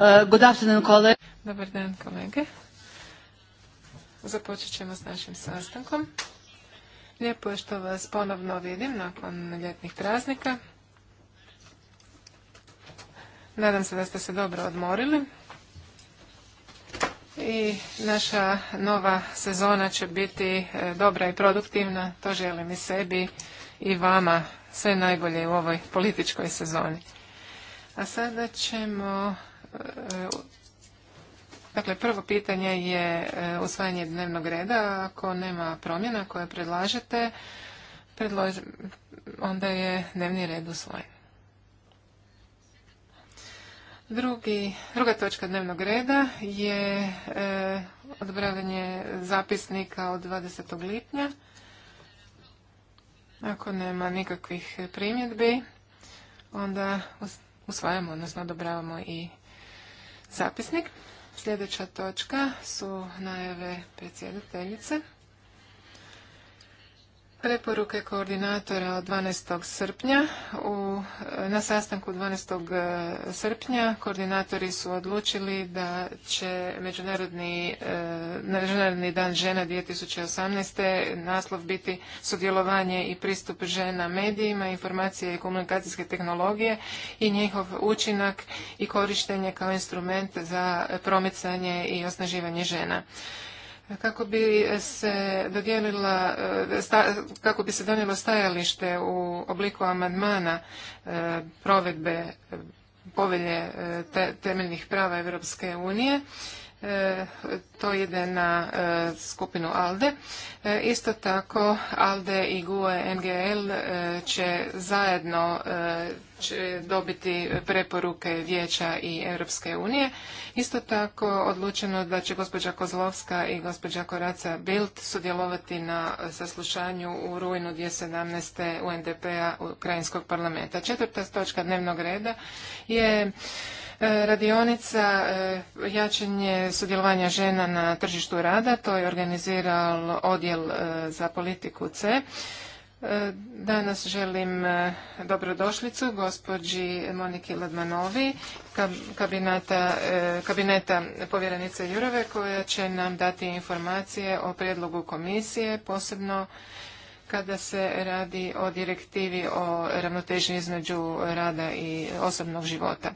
Eh, Dobar dan, kolege. Započet ćemo s našim sastankom. Lijepo je što vas ponovno vidim nakon ljetnih praznika. Nadam se da ste se dobro odmorili. I naša nova sezona će biti eh, dobra i produktivna. To želim i sebi i vama sve najbolje u ovoj političkoj sezoni. A sada ćemo E, dakle, prvo pitanje je e, usvajanje dnevnog reda. Ako nema promjena koje predlažete, onda je dnevni red usvojen. druga točka dnevnog reda je e, odbravanje zapisnika od 20. lipnja. Ako nema nikakvih primjedbi, onda usvajamo, odnosno odobravamo i zapisnik. Sljedeća točka su najave predsjedateljice. Preporuke koordinatora od 12. srpnja. U, na sastanku 12. E, srpnja koordinatori su odlučili da će Međunarodni, e, Međunarodni dan žena 2018. naslov biti sudjelovanje i pristup žena medijima, informacije i komunikacijske tehnologije i njihov učinak i korištenje kao instrument za promicanje i osnaživanje žena kako bi se dodijelila, e, kako bi se donijelo stajalište u obliku amandmana e, provedbe e, povelje temeljnih prava Europske unije E, to ide na e, skupinu ALDE. E, isto tako ALDE i GUE NGL će zajedno dobiti preporuke Vijeća i Europske unije. Isto tako odlučeno da će gospođa Kozlovska i gospođa Koraca Bild sudjelovati na saslušanju u rujnu 2017. UNDP-a Ukrajinskog parlamenta. Četvrta točka dnevnog reda je E, radionica e, jačanje sudjelovanja žena na tržištu rada, to je organizirao odjel e, za politiku C. Danas želim dobrodošlicu gospođi Moniki Ladmanovi, kabineta, kabineta povjerenice Jurove, koja će nam dati informacije o prijedlogu komisije, posebno kada se radi o direktivi o ravnoteži između rada i osobnog života.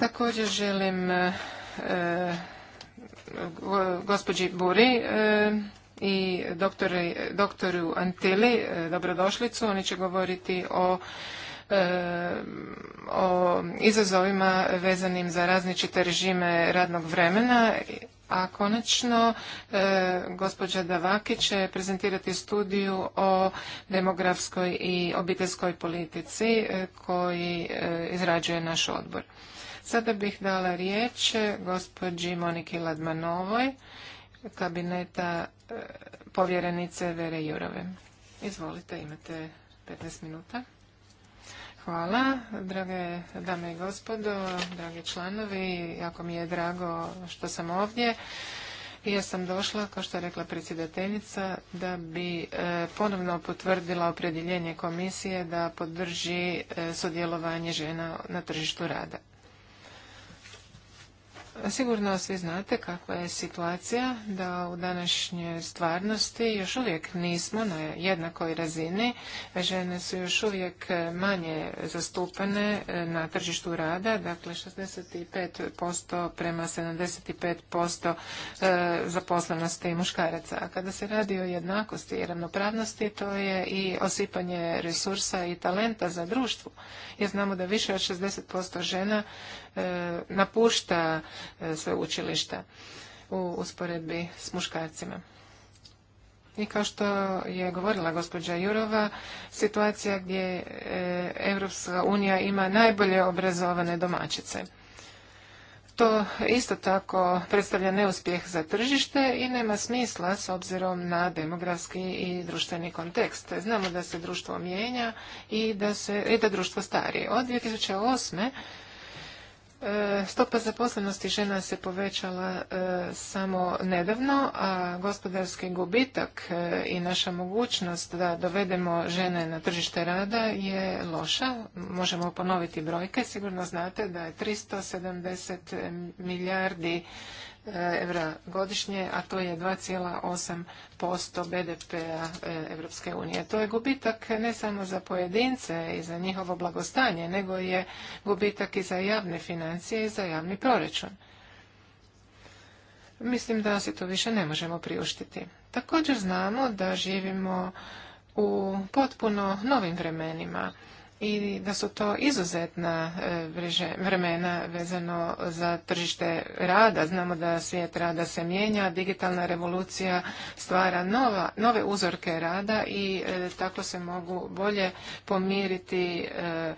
Također želim e, e, gospođi Buri e, i doktoru Antili dobrodošlicu. Oni će govoriti o o izazovima vezanim za različite režime radnog vremena, a konačno gospođa Davaki će prezentirati studiju o demografskoj i obiteljskoj politici koji izrađuje naš odbor. Sada bih dala riječ gospođi Moniki Ladmanovoj, kabineta e, povjerenice Vere Jurove. Izvolite, imate 15 minuta. Hvala, drage dame i gospodo, dragi članovi, jako mi je drago što sam ovdje. I ja sam došla, kao što je rekla predsjedateljica, da bi e, ponovno potvrdila opredjeljenje komisije da podrži e, sudjelovanje žena na tržištu rada. Sigurno svi znate kakva je situacija da u današnjoj stvarnosti još uvijek nismo na jednakoj razini. Žene su još uvijek manje zastupane e, na tržištu rada, dakle 65% prema 75% e, zaposlenosti muškaraca. A kada se radi o jednakosti i ravnopravnosti, to je i osipanje resursa i talenta za društvo. Jer znamo da više od 60% žena E, napušta e, učilišta u usporedbi s muškarcima. I kao što je govorila gospođa Jurova, situacija gdje Europska unija ima najbolje obrazovane domaćice. To isto tako predstavlja neuspjeh za tržište i nema smisla s obzirom na demografski i društveni kontekst. Znamo da se društvo mijenja i da, se, i da društvo starije. Od 2008 Stopa zaposlenosti žena se povećala e, samo nedavno, a gospodarski gubitak e, i naša mogućnost da dovedemo žene na tržište rada je loša. Možemo ponoviti brojke. Sigurno znate da je 370 milijardi Eh, evra godišnje, a to je 2,8% BDP-a Europske eh, unije. To je gubitak ne samo za pojedince i za njihovo blagostanje, nego je gubitak i za javne financije i za javni proračun. Mislim da se to više ne možemo priuštiti. Također znamo da živimo u potpuno novim vremenima i da su to izuzetna e, vremena vezano za tržište rada. Znamo da svijet rada se mijenja, digitalna revolucija stvara nova, nove uzorke rada i e, tako se mogu bolje pomiriti e,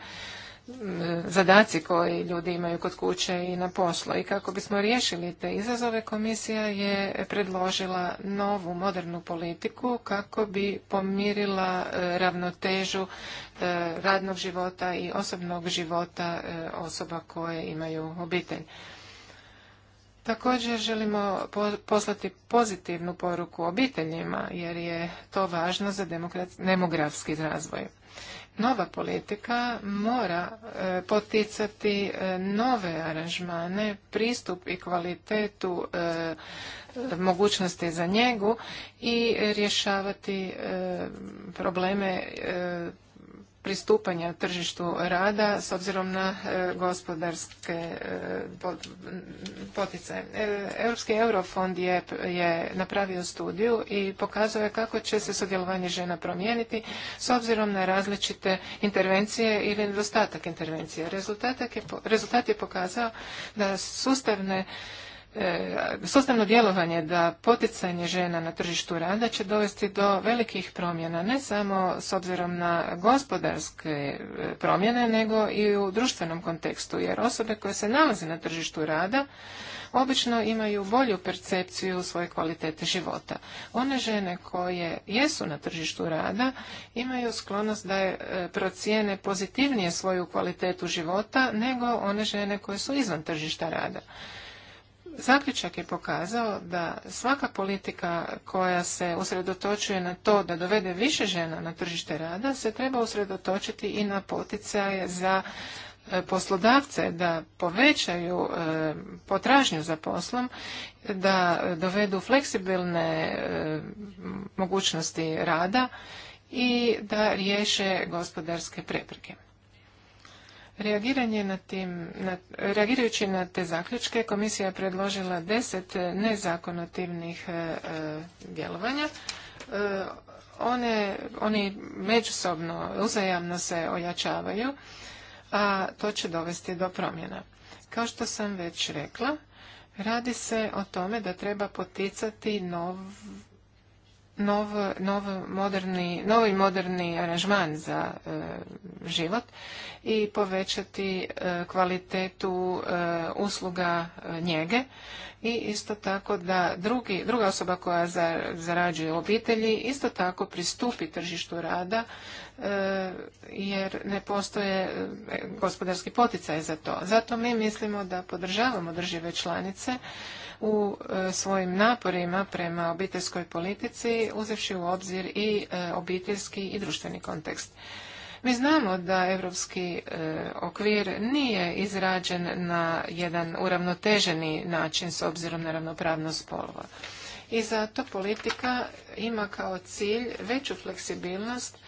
zadaci koji ljudi imaju kod kuće i na poslu. I kako bismo riješili te izazove, komisija je predložila novu modernu politiku kako bi pomirila e, ravnotežu e, radnog života i osobnog života e, osoba koje imaju obitelj. Također želimo poslati pozitivnu poruku obiteljima jer je to važno za demografski razvoj. Nova politika mora e, poticati e, nove aranžmane, pristup i kvalitetu e, mogućnosti za njegu i rješavati probleme pristupanja tržištu rada s obzirom na e, gospodarske e, poticaje. E, Europski eurofond je, je napravio studiju i pokazuje kako će se sudjelovanje žena promijeniti s obzirom na različite intervencije ili nedostatak intervencije. Rezultat je pokazao da sustavne E, sustavno djelovanje da poticanje žena na tržištu rada će dovesti do velikih promjena, ne samo s obzirom na gospodarske e, promjene, nego i u društvenom kontekstu, jer osobe koje se nalaze na tržištu rada obično imaju bolju percepciju svoje kvalitete života. One žene koje jesu na tržištu rada imaju sklonost da e, procijene pozitivnije svoju kvalitetu života nego one žene koje su izvan tržišta rada. Zaključak je pokazao da svaka politika koja se usredotočuje na to da dovede više žena na tržište rada se treba usredotočiti i na poticaje za e, poslodavce da povećaju e, potražnju za poslom, da dovedu fleksibilne e, mogućnosti rada i da riješe gospodarske prepreke. Reagiranje na tim, reagirajući na te zaključke, komisija je predložila deset e, nezakonotivnih e, e, djelovanja. oni međusobno, uzajamno se ojačavaju, a to će dovesti do promjena. Kao što sam već rekla, radi se o tome da treba poticati nov, novi moderni aranžman za e, život i povećati e, kvalitetu e, usluga njege i isto tako da druga osoba koja zarađuje obitelji isto tako pristupi tržištu rada jer ne postoje gospodarski poticaj za to. Zato mi mislimo da podržavamo države članice u e, svojim naporima prema obiteljskoj politici uzevši u obzir i e, obiteljski i društveni kontekst. Mi znamo da europski e, okvir nije izrađen na jedan uravnoteženi način s obzirom na ravnopravnost spolova. I zato politika ima kao cilj veću fleksibilnost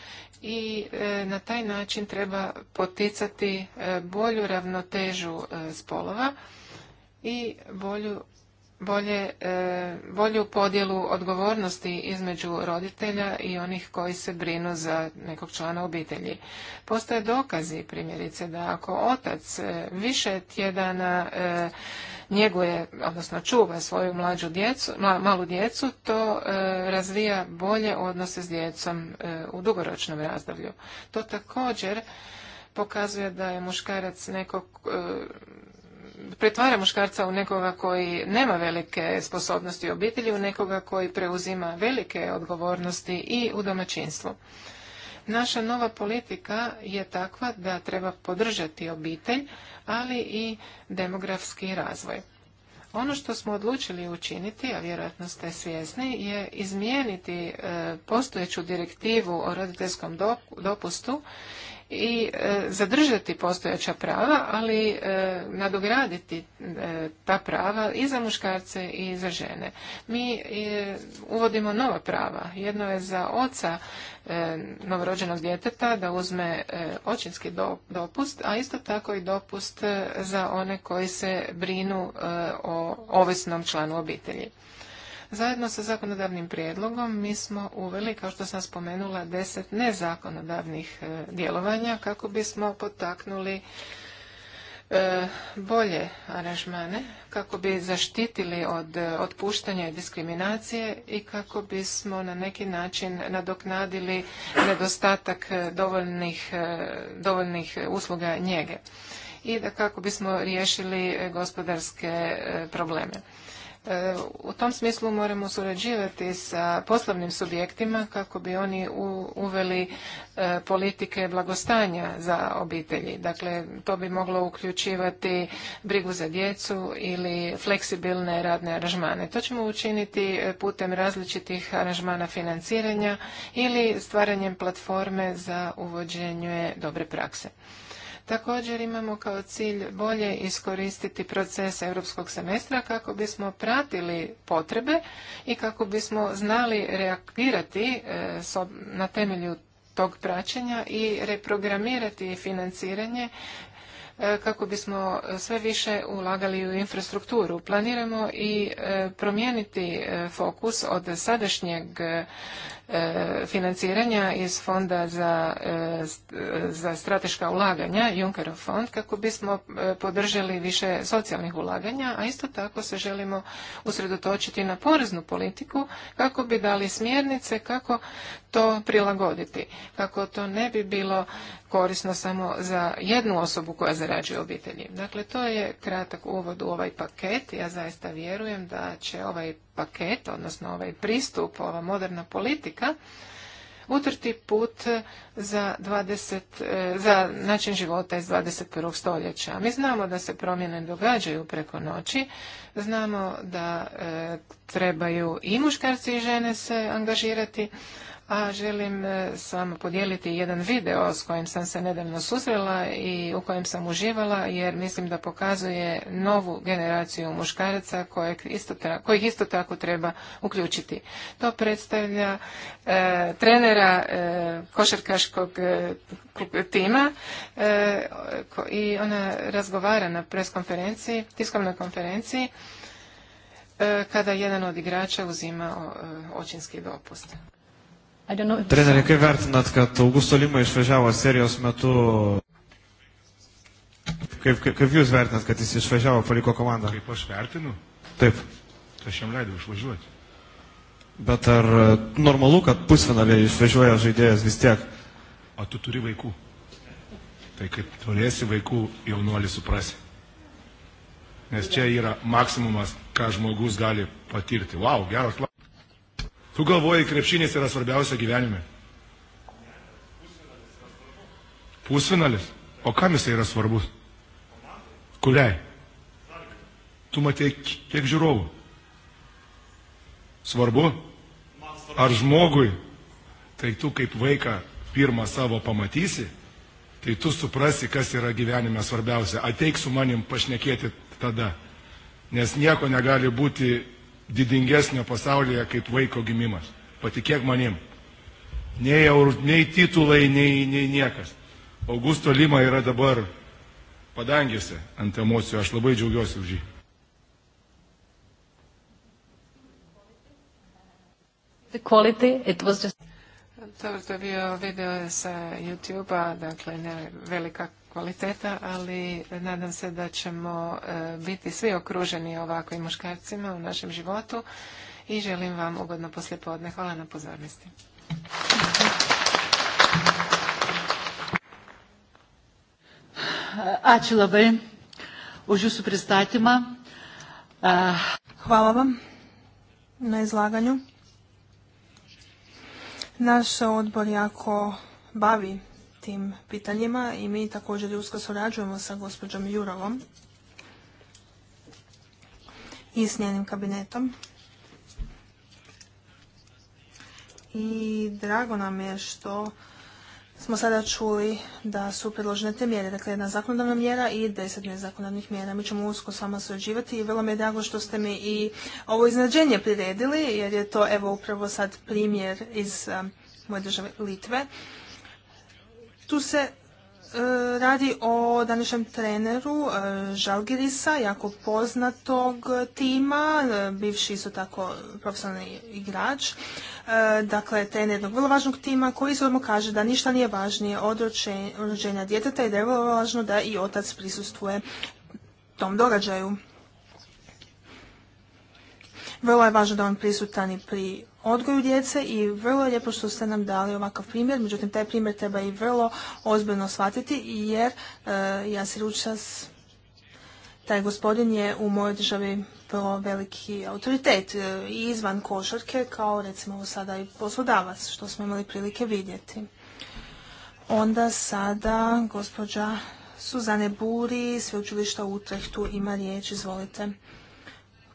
i na taj način treba poticati bolju ravnotežu spolova i bolju bolje, e, bolju podjelu odgovornosti između roditelja i onih koji se brinu za nekog člana obitelji. Postoje dokazi, primjerice, da ako otac e, više tjedana e, njeguje, odnosno čuva svoju mlađu djecu, malu djecu, to razvija bolje odnose s djecom u dugoročnom razdoblju. To također pokazuje da je muškarac nekog pretvara muškarca u nekoga koji nema velike sposobnosti obitelji, u nekoga koji preuzima velike odgovornosti i u domaćinstvu. Naša nova politika je takva da treba podržati obitelj, ali i demografski razvoj. Ono što smo odlučili učiniti, a vjerojatno ste svjesni, je izmijeniti e, postojeću direktivu o roditeljskom dopustu i e, zadržati postojeća prava, ali e, nadograditi e, ta prava i za muškarce i za žene. Mi uvodimo nova prava. Jedno je za oca novorođenog djeteta da uzme očinski dopust, a isto tako i dopust za one koji se brinu o ovisnom članu obitelji. Zajedno sa zakonodavnim prijedlogom mi smo uveli, kao što sam spomenula, deset nezakonodavnih e, djelovanja kako bismo potaknuli e, bolje aranžmane kako bi zaštitili od e, otpuštanja i diskriminacije i kako bismo na neki način nadoknadili nedostatak dovoljnih, dovoljnih usluga njege i da kako bismo riješili gospodarske probleme. E, u tom smislu moramo surađivati sa poslovnim subjektima kako bi oni uveli e, politike blagostanja za obitelji. Dakle, to bi moglo uključivati brigu za djecu ili fleksibilne radne aranžmane. To ćemo učiniti e, putem različitih aranžmana financiranja ili stvaranjem platforme za uvođenje dobre prakse. Također imamo kao cilj bolje iskoristiti proces europskog semestra kako bismo pratili potrebe i kako bismo znali reagirati e, na temelju tog praćenja i reprogramirati financiranje e, kako bismo sve više ulagali u infrastrukturu. Planiramo i e, promijeniti fokus od sadašnjeg E, financiranja iz fonda e, za, strateška ulaganja, Junckerov fond, kako bismo e, podržali više socijalnih ulaganja, a isto tako se želimo usredotočiti na poreznu politiku kako bi dali smjernice kako to prilagoditi, kako to ne bi bilo korisno samo za jednu osobu koja zarađuje obitelji. Dakle, to je kratak uvod u ovaj paket. Ja zaista vjerujem da će ovaj paket, odnosno ovaj pristup, ova moderna politika, utrti put za, 20, eh, za način života iz 21. stoljeća. Mi znamo da se promjene događaju preko noći, znamo da eh, trebaju i muškarci i žene se angažirati, a želim e, s podijeliti jedan video s kojim sam se nedavno susrela i u kojem sam uživala jer mislim da pokazuje novu generaciju muškaraca kojeg isto kojih isto tako treba uključiti. To predstavlja e, trenera e, košarkaškog tima i ona razgovara na preskonferenciji, tiskovnoj konferenciji kada jedan od igrača uzima očinski dopust. If... Treneri, kaip vertinat, kad Augusto Lima išvažiavo serijos metu? Kaip, kaip, kaip jūs vertinat, kad jis išvažiavo, paliko komandą? Kaip aš vertinu? Taip. Aš jam leidau išvažiuoti. Bet ar e, normalu, kad pusvinaliai išvažiuoja žaidėjas vis tiek? O tu turi vaikų. Tai kaip turėsi vaikų, jaunuolį suprasi. Nes čia yra maksimumas, ką žmogus gali patirti. Vau, geras klausimas. Tu galvoji krepšinis yra svarbiausia gyvenime? Pusfinalis. O kam jisai yra svarbus? Kuriai? Tu matei kiek žiūrovų? Svarbu? Ar žmogui? Tai tu kaip vaiką pirmą savo pamatysi, tai tu suprasi, kas yra gyvenime svarbiausia. Ateik su manim pašnekėti tada. Nes nieko negali būti didingesnio pasaulyje kaip vaiko gimimas. Patikėk manim. Nei, eur, nei titulai, nei, nei niekas. Augusto Lima yra dabar padangėse ant emocijų. Aš labai džiaugiuosi už jį. quality, it was just... to je bio video sa YouTube-a, dakle, ne, velika kvaliteta, ali nadam se da ćemo e, biti svi okruženi ovakvim muškarcima u našem životu i želim vam ugodno poslijepodne. Hvala na pozornosti. Ačiū labai už jūsų Hvala vam na izlaganju. Naš odbor jako bavi tim pitanjima i mi također usko surađujemo sa gospođom Jurovom i s njenim kabinetom. I drago nam je što smo sada čuli da su predložene te mjere, dakle jedna zakonodavna mjera i deset nezakonodavnih mjera. Mi ćemo usko s vama surađivati i vrlo mi je drago što ste mi i ovo iznadženje priredili, jer je to evo upravo sad primjer iz moje države Litve. Tu se e, radi o današnjem treneru e, Žalgirisa, jako poznatog tima, e, bivši isto tako profesionalni igrač, dakle trener jednog vrlo važnog tima koji odmah kaže da ništa nije važnije od rođenja djeteta i da je vrlo važno da i otac prisustuje tom događaju. Vrlo je važno da on prisutan i pri odgoju djece i vrlo je lijepo što ste nam dali ovakav primjer, međutim taj primjer treba i vrlo ozbiljno shvatiti jer ja e, Jasir Učas, taj gospodin je u mojoj državi vrlo veliki autoritet e, i izvan košarke kao recimo sada i poslodavac što smo imali prilike vidjeti. Onda sada gospođa Suzane Buri, sveučilišta u Utrehtu ima riječ, izvolite.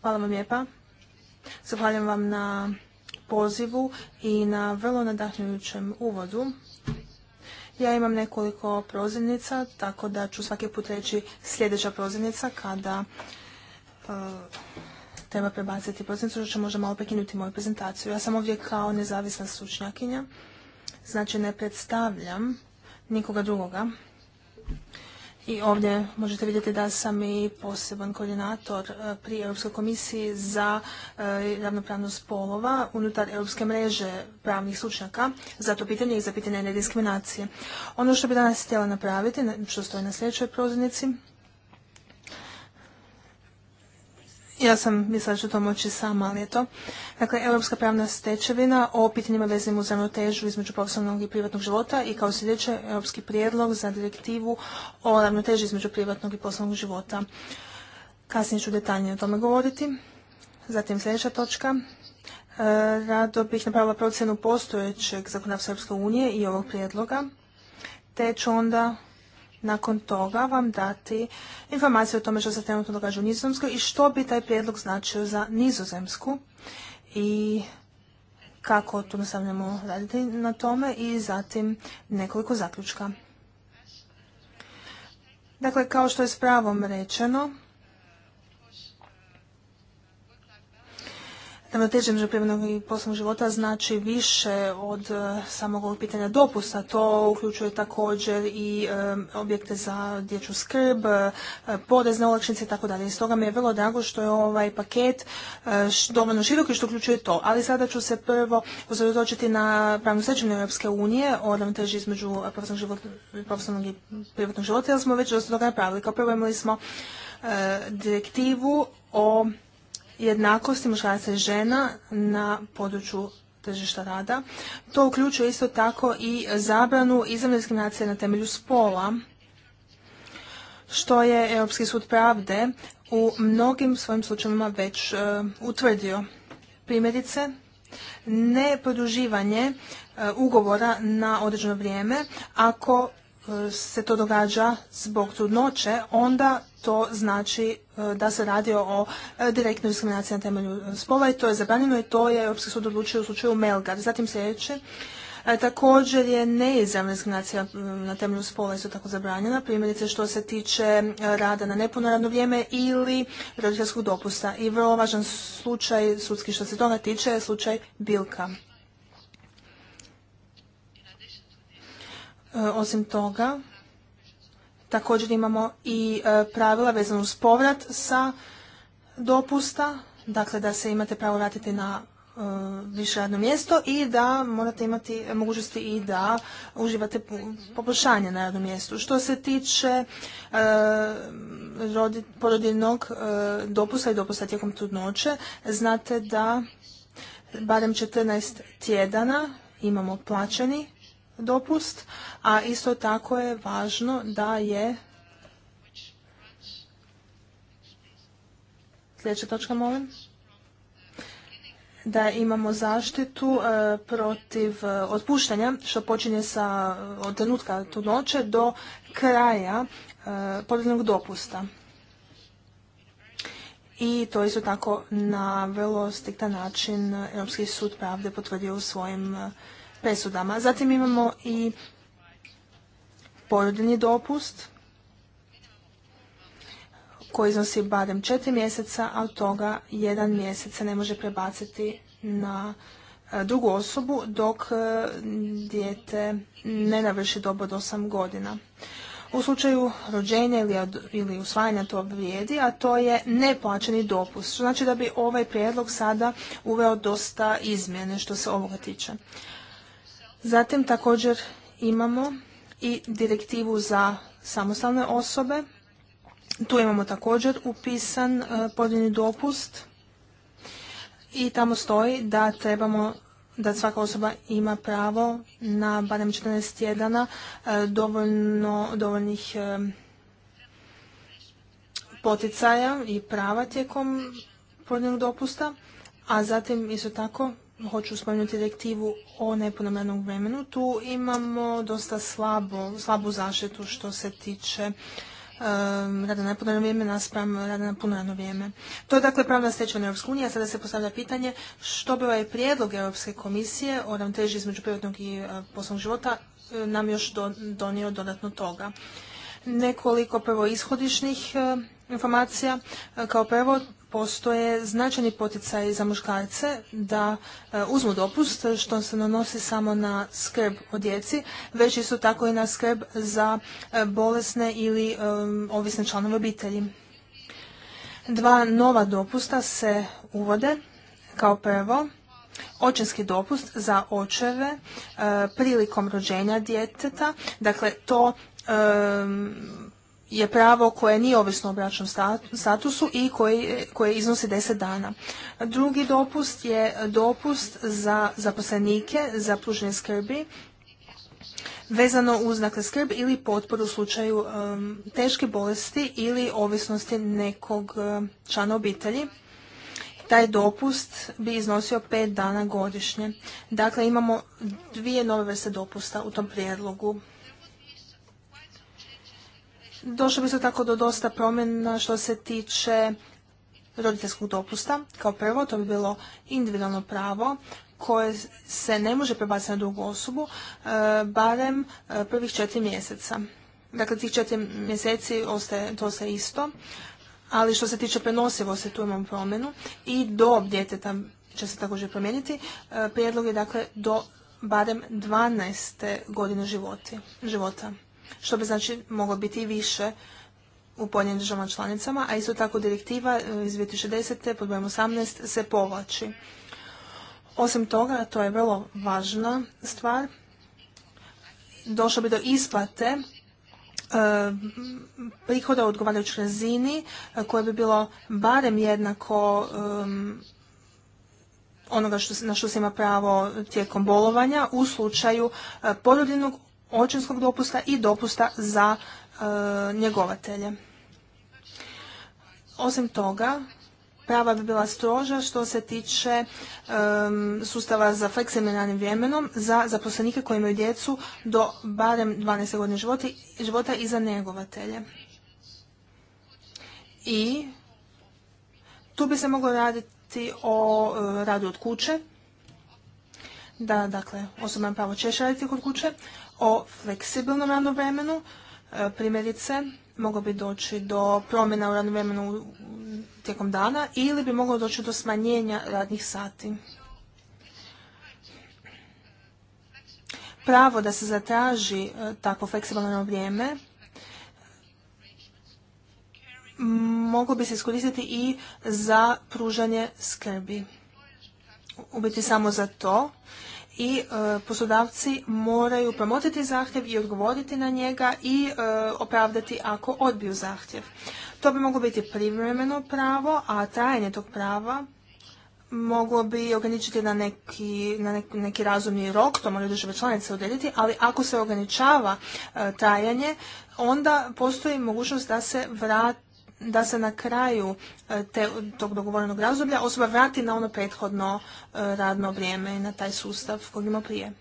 Hvala vam lijepa. Zahvaljujem vam na pozivu i na vrlo nadahnjujućem uvodu. Ja imam nekoliko prozivnica, tako da ću svaki put reći sljedeća prozivnica kada e, treba prebaciti prozivnicu, što ću možda malo prekinuti moju prezentaciju. Ja sam ovdje kao nezavisna stručnjakinja, znači ne predstavljam nikoga drugoga i ovdje možete vidjeti da sam i poseban koordinator e, pri Europskoj komisiji za e, ravnopravnost polova unutar Europske mreže pravnih stručnjaka za to pitanje i za pitanje nediskriminacije. Ono što bi danas htjela napraviti, što stoji na sljedećoj prozirnici, Ja sam mislila da ću to moći sama, ali je Dakle, Europska pravna stečevina o pitanjima vezanim uz ravnotežu između poslovnog i privatnog života i kao sljedeće Europski prijedlog za direktivu o ravnoteži između privatnog i poslovnog života. Kasnije ću detaljnije o tome govoriti. Zatim sljedeća točka. E, rado bih napravila procjenu postojećeg zakonodavstva Europske unije i ovog prijedloga, te ću onda nakon toga vam dati informacije o tome što se trenutno događa u Nizozemskoj i što bi taj prijedlog značio za Nizozemsku i kako tu nastavljamo raditi na tome i zatim nekoliko zaključka. Dakle, kao što je s pravom rečeno, ravnoteže među i poslovnog života znači više od e, samog ovog pitanja dopusta. To uključuje također i e, objekte za dječju skrb, e, porezne olakšice i tako dalje. I stoga mi je vrlo drago što je ovaj paket dovoljno širok i što uključuje to. Ali sada ću se prvo usredotočiti na pravnu stečevinu Europske unije o ravnoteži između poslovnog i privatnog života, jer smo već dosta toga napravili. Kao prvo imali smo direktivu o jednakosti muškaraca i žena na području tržišta rada. To uključuje isto tako i zabranu izravne diskriminacije na temelju spola, što je Europski sud pravde u mnogim svojim slučajevima već e, utvrdio. Primjerice, neproduživanje produživanje ugovora na određeno vrijeme ako e, se to događa zbog trudnoće, onda to znači e, da se radi o direktnoj diskriminaciji na temelju spola i to je zabranjeno i to je Europski sud odlučio u slučaju Melgar. Zatim sljedeće, e, Također je neizravna diskriminacija na temelju spola isto tako zabranjena, primjerice što se tiče e, rada na nepuno radno vrijeme ili roditeljskog dopusta. I vrlo važan slučaj sudski što se toga tiče je slučaj Bilka. Osim toga, Također imamo i e, pravila vezano uz povrat sa dopusta, dakle da se imate pravo vratiti na e, više radno mjesto i da morate imati mogućnosti i da uživate poboljšanje na radnom mjestu. Što se tiče e, porodilnog dopusta i dopusta tijekom trudnoće, znate da barem 14 tjedana imamo plaćeni dopust, a isto tako je važno da je sljedeća točka molim da imamo zaštitu e, protiv e, otpuštanja što počinje sa e, od trenutka noće do kraja e, dopusta. I to isto tako na vrlo striktan način Europski sud pravde potvrdio u svojim presudama. Zatim imamo i porodiljni dopust koji iznosi barem četiri mjeseca, a od toga jedan mjesec se ne može prebaciti na e, drugu osobu dok e, dijete ne navrši dobu od osam godina. U slučaju rođenja ili, usvajanja to vrijedi, a to je neplaćeni dopust. Znači da bi ovaj prijedlog sada uveo dosta izmjene što se ovoga tiče. Zatim također imamo i direktivu za samostalne osobe. Tu imamo također upisan e, podljeni dopust i tamo stoji da trebamo da svaka osoba ima pravo na barem 14 tjedana e, dovoljno, dovoljnih e, poticaja i prava tijekom pojedinog dopusta, a zatim isto tako hoću spomenuti direktivu o neponovljenom vremenu. Tu imamo dosta slabu, slabu zaštitu što se tiče um, rada na puno vrijeme naspram rada na puno vrijeme. To je dakle pravna stečena Europske a sada se postavlja pitanje što bi ovaj prijedlog Europske komisije o ravnoteži između privatnog i e, poslovnog života e, nam još donio dodatno toga. Nekoliko prvo ishodišnih e, informacija. Kao prvo, postoje značajni poticaji za muškarce da e, uzmu dopust što se nanosi samo na skrb o djeci, već isto tako i na skrb za e, bolesne ili e, ovisne članove obitelji. Dva nova dopusta se uvode kao prvo očinski dopust za očeve prilikom rođenja djeteta, dakle to je pravo koje nije ovisno o bračnom statusu i koje, iznosi 10 dana. Drugi dopust je dopust za zaposlenike za pružnje skrbi vezano uz dakle, skrb ili potporu u slučaju um, teške bolesti ili ovisnosti nekog um, člana obitelji. Taj dopust bi iznosio 5 dana godišnje. Dakle, imamo dvije nove vrste dopusta u tom prijedlogu Došlo bi se tako do dosta promjena što se tiče roditeljskog dopusta. Kao prvo, to bi bilo individualno pravo koje se ne može prebaciti na drugu osobu, e, barem e, prvih četiri mjeseca. Dakle, tih četiri mjeseci ostaje, to se isto, ali što se tiče prenosivosti, tu imamo promjenu i dob djeteta će se također promijeniti. E, prijedlog je dakle do barem 12. godine života što bi znači moglo biti i više u pojedinim državama članicama, a isto tako direktiva e, iz 2010. pod brojem 18 se povlači. Osim toga, to je vrlo važna stvar, došlo bi do isplate e, prihoda u odgovarajućoj razini e, koje bi bilo barem jednako onoga na što se ima pravo tijekom bolovanja u slučaju porodinog očinskog dopusta i dopusta za e, njegovatelje. Osim toga, prava bi bila stroža što se tiče e, sustava za fleksibilnim vremenom za zaposlenike koji imaju djecu do barem 12 godine života, i za njegovatelje. I tu bi se moglo raditi o e, radu od kuće, da dakle osoba ima pravo češće raditi kod kuće, o fleksibilnom radnom vremenu, e, primjerice, moglo bi doći do promjena u radnom vremenu tijekom dana ili bi moglo doći do smanjenja radnih sati. Pravo da se zatraži e, takvo fleksibilno vrijeme moglo bi se iskoristiti i za pružanje skrbi. U biti samo za to i e, poslodavci moraju promotiti zahtjev i odgovoriti na njega i e, opravdati ako odbiju zahtjev. To bi moglo biti privremeno pravo, a trajanje tog prava moglo bi ograničiti na neki, na razumni rok, to moraju države članice odrediti, ali ako se ograničava e, trajanje, onda postoji mogućnost da se vrati da se na kraju e, te, tog dogovorenog razdoblja osoba vrati na ono prethodno e, radno vrijeme i na taj sustav kojeg ima prije.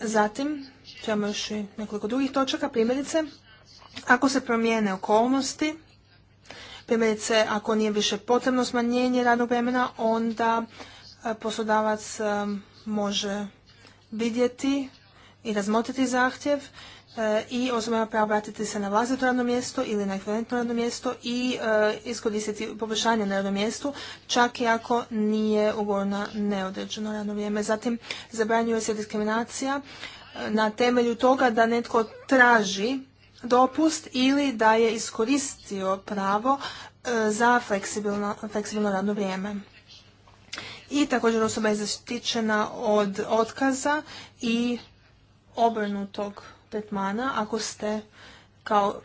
Zatim, trebamo još i nekoliko drugih točaka, primjerice, ako se promijene okolnosti, primjerice ako nije više potrebno smanjenje radnog vremena, onda e, poslodavac može vidjeti i razmotriti zahtjev E, i osobama pravo vratiti se na vlastito radno mjesto ili na ekvivalentno radno mjesto i e, iskoristiti poboljšanje na radnom mjestu, čak i ako nije ugovorno neodređeno radno vrijeme. Zatim, zabranjuje se diskriminacija e, na temelju toga da netko traži dopust ili da je iskoristio pravo za fleksibilno, fleksibilno radno vrijeme. I također osoba je zaštićena od otkaza i obrnutog tretmana ako ste kao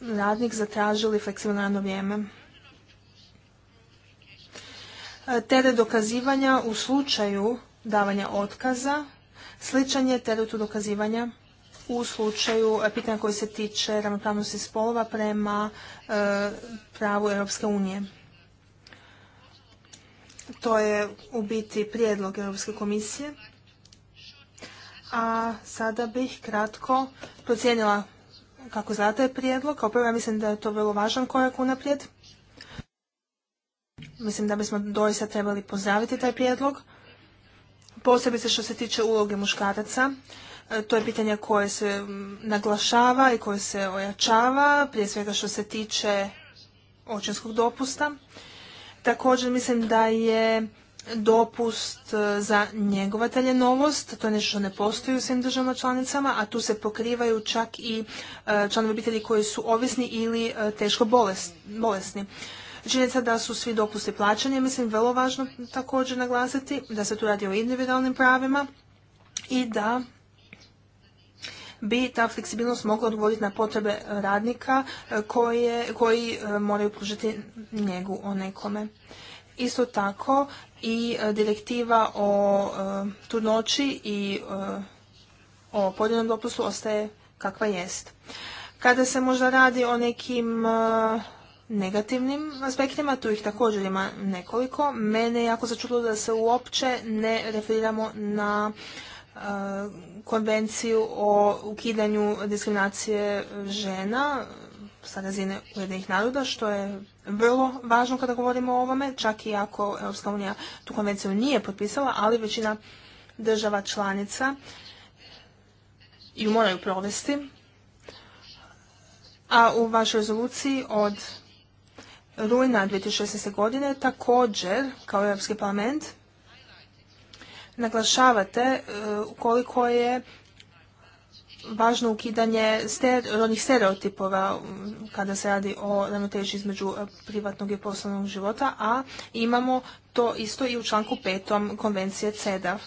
radnik zatražili fleksibilno radno vrijeme. E, teret dokazivanja u slučaju davanja otkaza sličan je teretu dokazivanja u slučaju e, pitanja koji se tiče ravnopravnosti spolova prema e, pravu Europske unije. To je u biti prijedlog Europske komisije a sada bih kratko procijenila kako znate je prijedlog. Kao prvo ja mislim da je to vrlo važan korak unaprijed. Mislim da bismo doista trebali pozdraviti taj prijedlog. Posebice što se tiče uloge muškaraca. E, to je pitanje koje se naglašava i koje se ojačava, prije svega što se tiče očinskog dopusta. Također mislim da je dopust e, za njegovatelje novost, to je nešto što ne postoji u svim državama članicama, a tu se pokrivaju čak i e, članovi obitelji koji su ovisni ili e, teško bolesni. Činjenica da su svi dopusti plaćanje, mislim, vrlo važno također naglasiti, da se tu radi o individualnim pravima i da bi ta fleksibilnost mogla odgovoriti na potrebe radnika koji moraju pružiti njegu o nekome. Isto tako, i e, direktiva o e, trudnoći i e, o pojedinom dopustu ostaje kakva jest. Kada se možda radi o nekim negativnim aspektima, tu ih također ima nekoliko, mene je jako začudilo da se uopće ne referiramo na konvenciju o ukidanju diskriminacije žena sa razine Ujedinih naroda, što je vrlo važno kada govorimo o ovome, čak i ako Europska unija tu konvenciju nije potpisala, ali većina država članica ju moraju provesti. A u vašoj rezoluciji od rujna 2016. godine također, kao Europski parlament, naglašavate e, koliko je važno ukidanje rodnih stereotipova mm, kada se radi o ravnoteži između e, privatnog i poslovnog života, a imamo to isto i u članku petom konvencije CEDAV.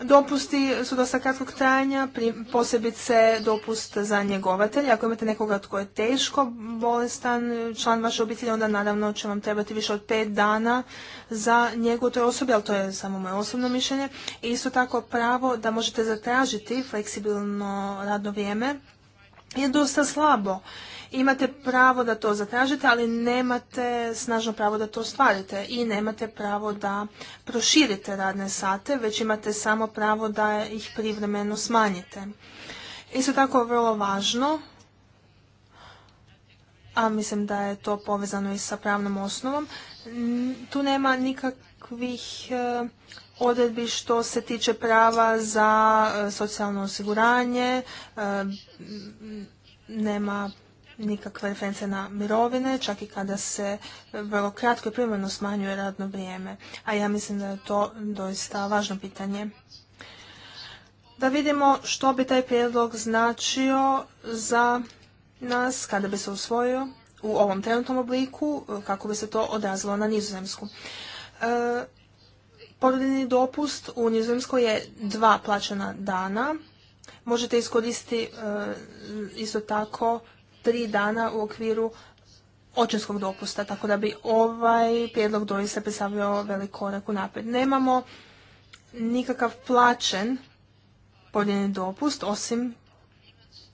Dopusti su dosta kratkog trajanja, posebice dopust za njegovatelja. Ako imate nekoga tko je teško bolestan, član vaše obitelji, onda naravno će vam trebati više od pet dana za njegu toj osobi, ali to je samo moje osobno mišljenje. I isto tako pravo da možete zatražiti fleksibilno radno vrijeme je dosta slabo Imate pravo da to zatražite, ali nemate snažno pravo da to ostvarite i nemate pravo da proširite radne sate, već imate samo pravo da ih privremeno smanjite. Isto tako vrlo važno, a mislim da je to povezano i sa pravnom osnovom, tu nema nikakvih e, odredbi što se tiče prava za e, socijalno osiguranje, e, nema nikakve reference na mirovine, čak i kada se vrlo kratko i primjerno smanjuje radno vrijeme. A ja mislim da je to doista važno pitanje. Da vidimo što bi taj prijedlog značio za nas kada bi se usvojio u ovom trenutnom obliku, kako bi se to odrazilo na nizozemsku. E, dopust u nizozemskoj je dva plaćena dana. Možete iskoristiti e, isto tako tri dana u okviru očinskog dopusta, tako da bi ovaj prijedlog doista predstavljao velik korak u napred. Nemamo nikakav plaćen podijeljeni dopust, osim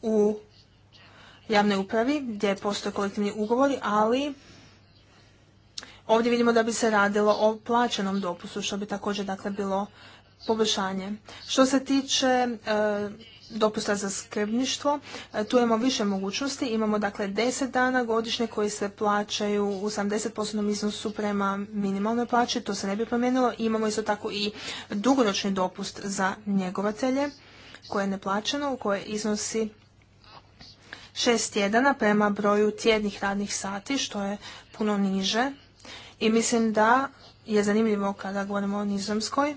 u javnoj upravi gdje postoje kolektivni ugovori, ali ovdje vidimo da bi se radilo o plaćenom dopustu, što bi također dakle bilo poboljšanje. Što se tiče e, dopusta za skrbništvo. E, tu imamo više mogućnosti. Imamo dakle 10 dana godišnje koji se plaćaju u 70% iznosu prema minimalnoj plaći. To se ne bi promijenilo. Imamo isto tako i dugoročni dopust za njegovatelje koje je neplaćeno, koje iznosi šest tjedana prema broju tjednih radnih sati, što je puno niže. I mislim da je zanimljivo kada govorimo o nizomskoj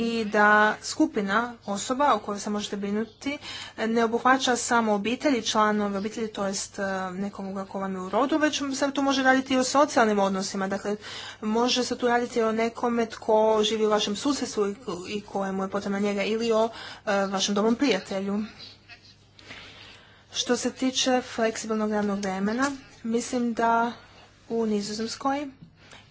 i da skupina osoba o kojoj se možete brinuti eh, ne obuhvaća samo obitelji, članove obitelji, to jest eh, nekoga ko vam je u rodu, već se tu može raditi i o socijalnim odnosima. Dakle, može se tu raditi o nekome tko živi u vašem susjedstvu i kojemu je potrebna njega ili o eh, vašem domom prijatelju. Što se tiče fleksibilnog radnog vremena, mislim da u Nizozemskoj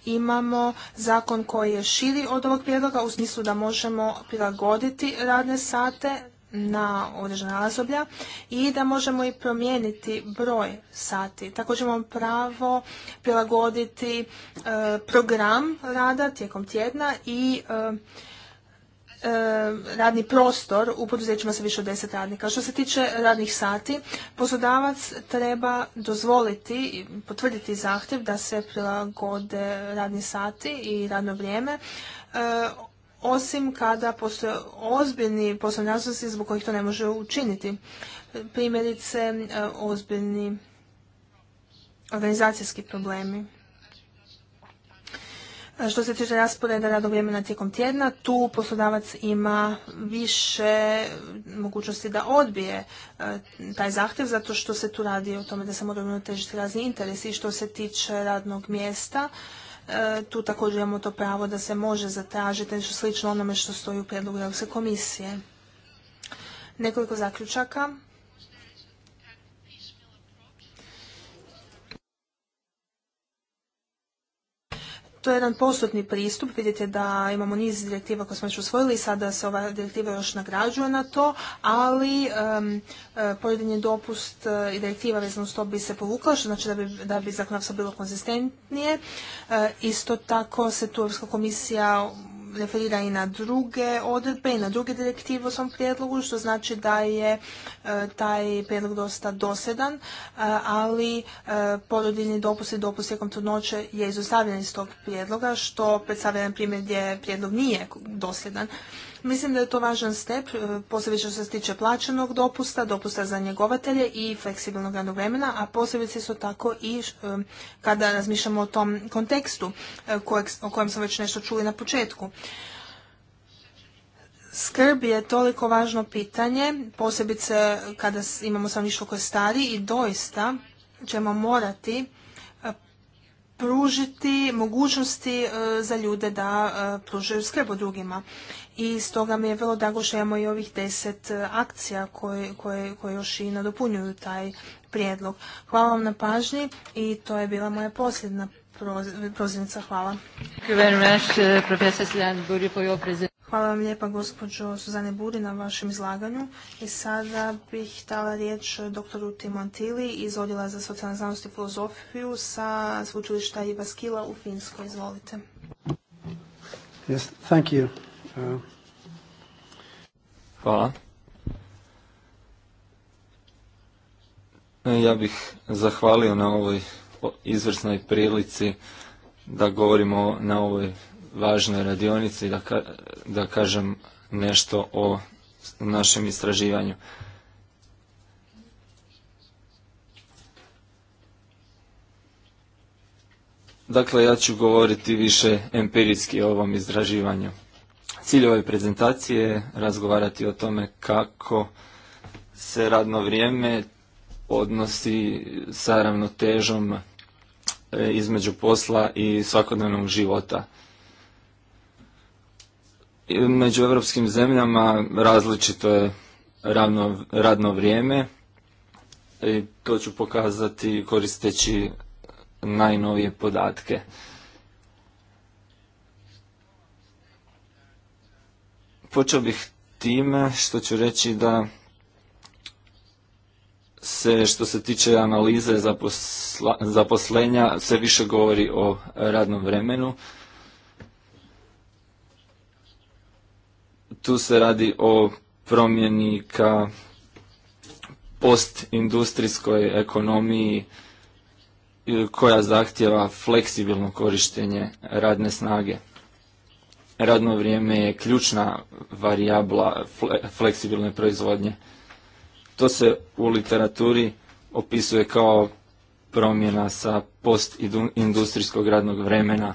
imamo zakon koji je širi od ovog prijedloga u smislu da možemo prilagoditi radne sate na određena razdoblja i da možemo i promijeniti broj sati. Također imamo pravo prilagoditi e, program rada tijekom tjedna i e, E, radni prostor u poduzećima sa više od 10 radnika. Što se tiče radnih sati, poslodavac treba dozvoliti i potvrditi zahtjev da se prilagode radni sati i radno vrijeme e, osim kada postoje ozbiljni poslovni razlozi zbog kojih to ne može učiniti. Primjerice, e, ozbiljni organizacijski problemi. Što se tiče rasporeda radnog vremena tijekom tjedna, tu poslodavac ima više mogućnosti da odbije e, taj zahtjev, zato što se tu radi o tome da se moraju težiti razni interesi. I što se tiče radnog mjesta, e, tu također imamo to pravo da se može zatražiti nešto slično onome što stoji u prijedlogu Europske komisije. Nekoliko zaključaka to je jedan postotni pristup. Vidite da imamo niz direktiva koje smo već usvojili i sada se ova direktiva još nagrađuje na to, ali um, pojedini dopust e, i direktiva vezano s to bi se povukla, što znači da bi, da bi bilo konzistentnije. E, isto tako se tu komisija referira i na druge odredbe i na druge direktive u svom prijedlogu, što znači da je e, taj prijedlog dosta dosedan, e, ali e, porodiljni dopust i dopust tijekom trudnoće je izostavljen iz tog prijedloga, što predstavlja jedan primjer gdje prijedlog nije dosljedan. Mislim da je to važan step, e, posebice što se tiče plaćenog dopusta, dopusta za njegovatelje i fleksibilnog radnog vremena, a posebice su tako i e, kada razmišljamo o tom kontekstu e, o kojem smo već nešto čuli na početku. Skrb je toliko važno pitanje, posebice kada imamo samo koje stari i doista ćemo morati pružiti mogućnosti za ljude da pružaju skrb drugima i stoga mi je vrlo drago što imamo i ovih deset e, akcija koje, koje, još i nadopunjuju taj prijedlog. Hvala vam na pažnji i to je bila moja posljedna prozirnica. Hvala. E, Hvala vam lijepa gospođo Suzane Buri na vašem izlaganju i sada bih dala riječ doktoru Timantili iz Odjela za socijalne znanosti i filozofiju sa sveučilišta Skila u Finskoj. Izvolite. Yes, thank Hvala. E, ja bih zahvalio na ovoj izvrsnoj prilici da govorimo na ovoj važnoj radionici da, da kažem nešto o našem istraživanju. Dakle, ja ću govoriti više empirijski o ovom istraživanju. Cilj ove prezentacije je razgovarati o tome kako se radno vrijeme odnosi sa ravnotežom e, između posla i svakodnevnog života. Među evropskim zemljama različito je radno vrijeme i to ću pokazati koristeći najnovije podatke. Počeo bih time što ću reći da se što se tiče analize zaposlenja sve više govori o radnom vremenu. Tu se radi o promjeni ka postindustrijskoj ekonomiji koja zahtjeva fleksibilno korištenje radne snage. Radno vrijeme je ključna varijabla fleksibilne proizvodnje. To se u literaturi opisuje kao promjena sa postindustrijskog radnog vremena.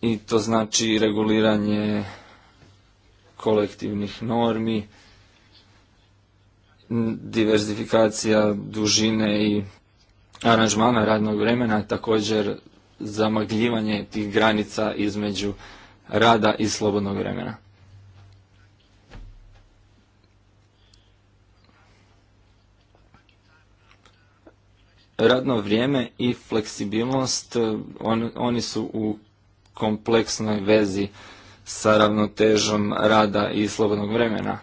I to znači reguliranje kolektivnih normi, diverzifikacija dužine i aranžmana radnog vremena, također zamagljivanje tih granica između rada i slobodnog vremena. Radno vrijeme i fleksibilnost, eh, oni su u kompleksnoj vezi sa ravnotežom rada i slobodnog vremena.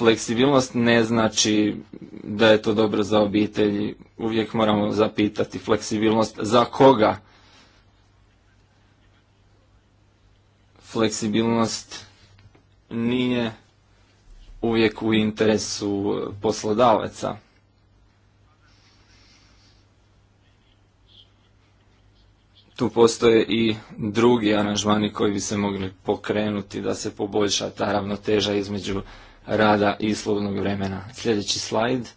Fleksibilnost ne znači da je to dobro za obitelji. Uvijek moramo zapitati fleksibilnost za koga. Fleksibilnost nije uvijek u interesu poslodavaca. Tu postoje i drugi aranžmani koji bi se mogli pokrenuti da se poboljša ta ravnoteža između rada i slobodnog vremena. Sljedeći slajd.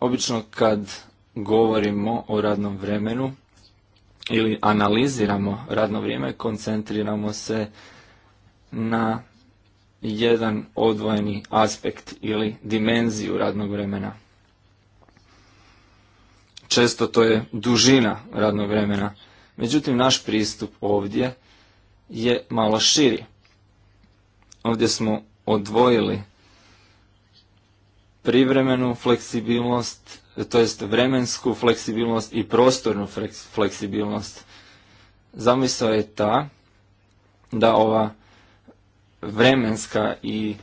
Obično kad govorimo o radnom vremenu ili analiziramo radno vrijeme, koncentriramo se na jedan odvojeni aspekt ili dimenziju radnog vremena. Često to je dužina radnog vremena. Međutim, naš pristup ovdje je malo širi. Ovdje smo odvojili privremenu fleksibilnost, to jest vremensku fleksibilnost i prostornu fleksibilnost. Zamisao je ta da ova vremenska i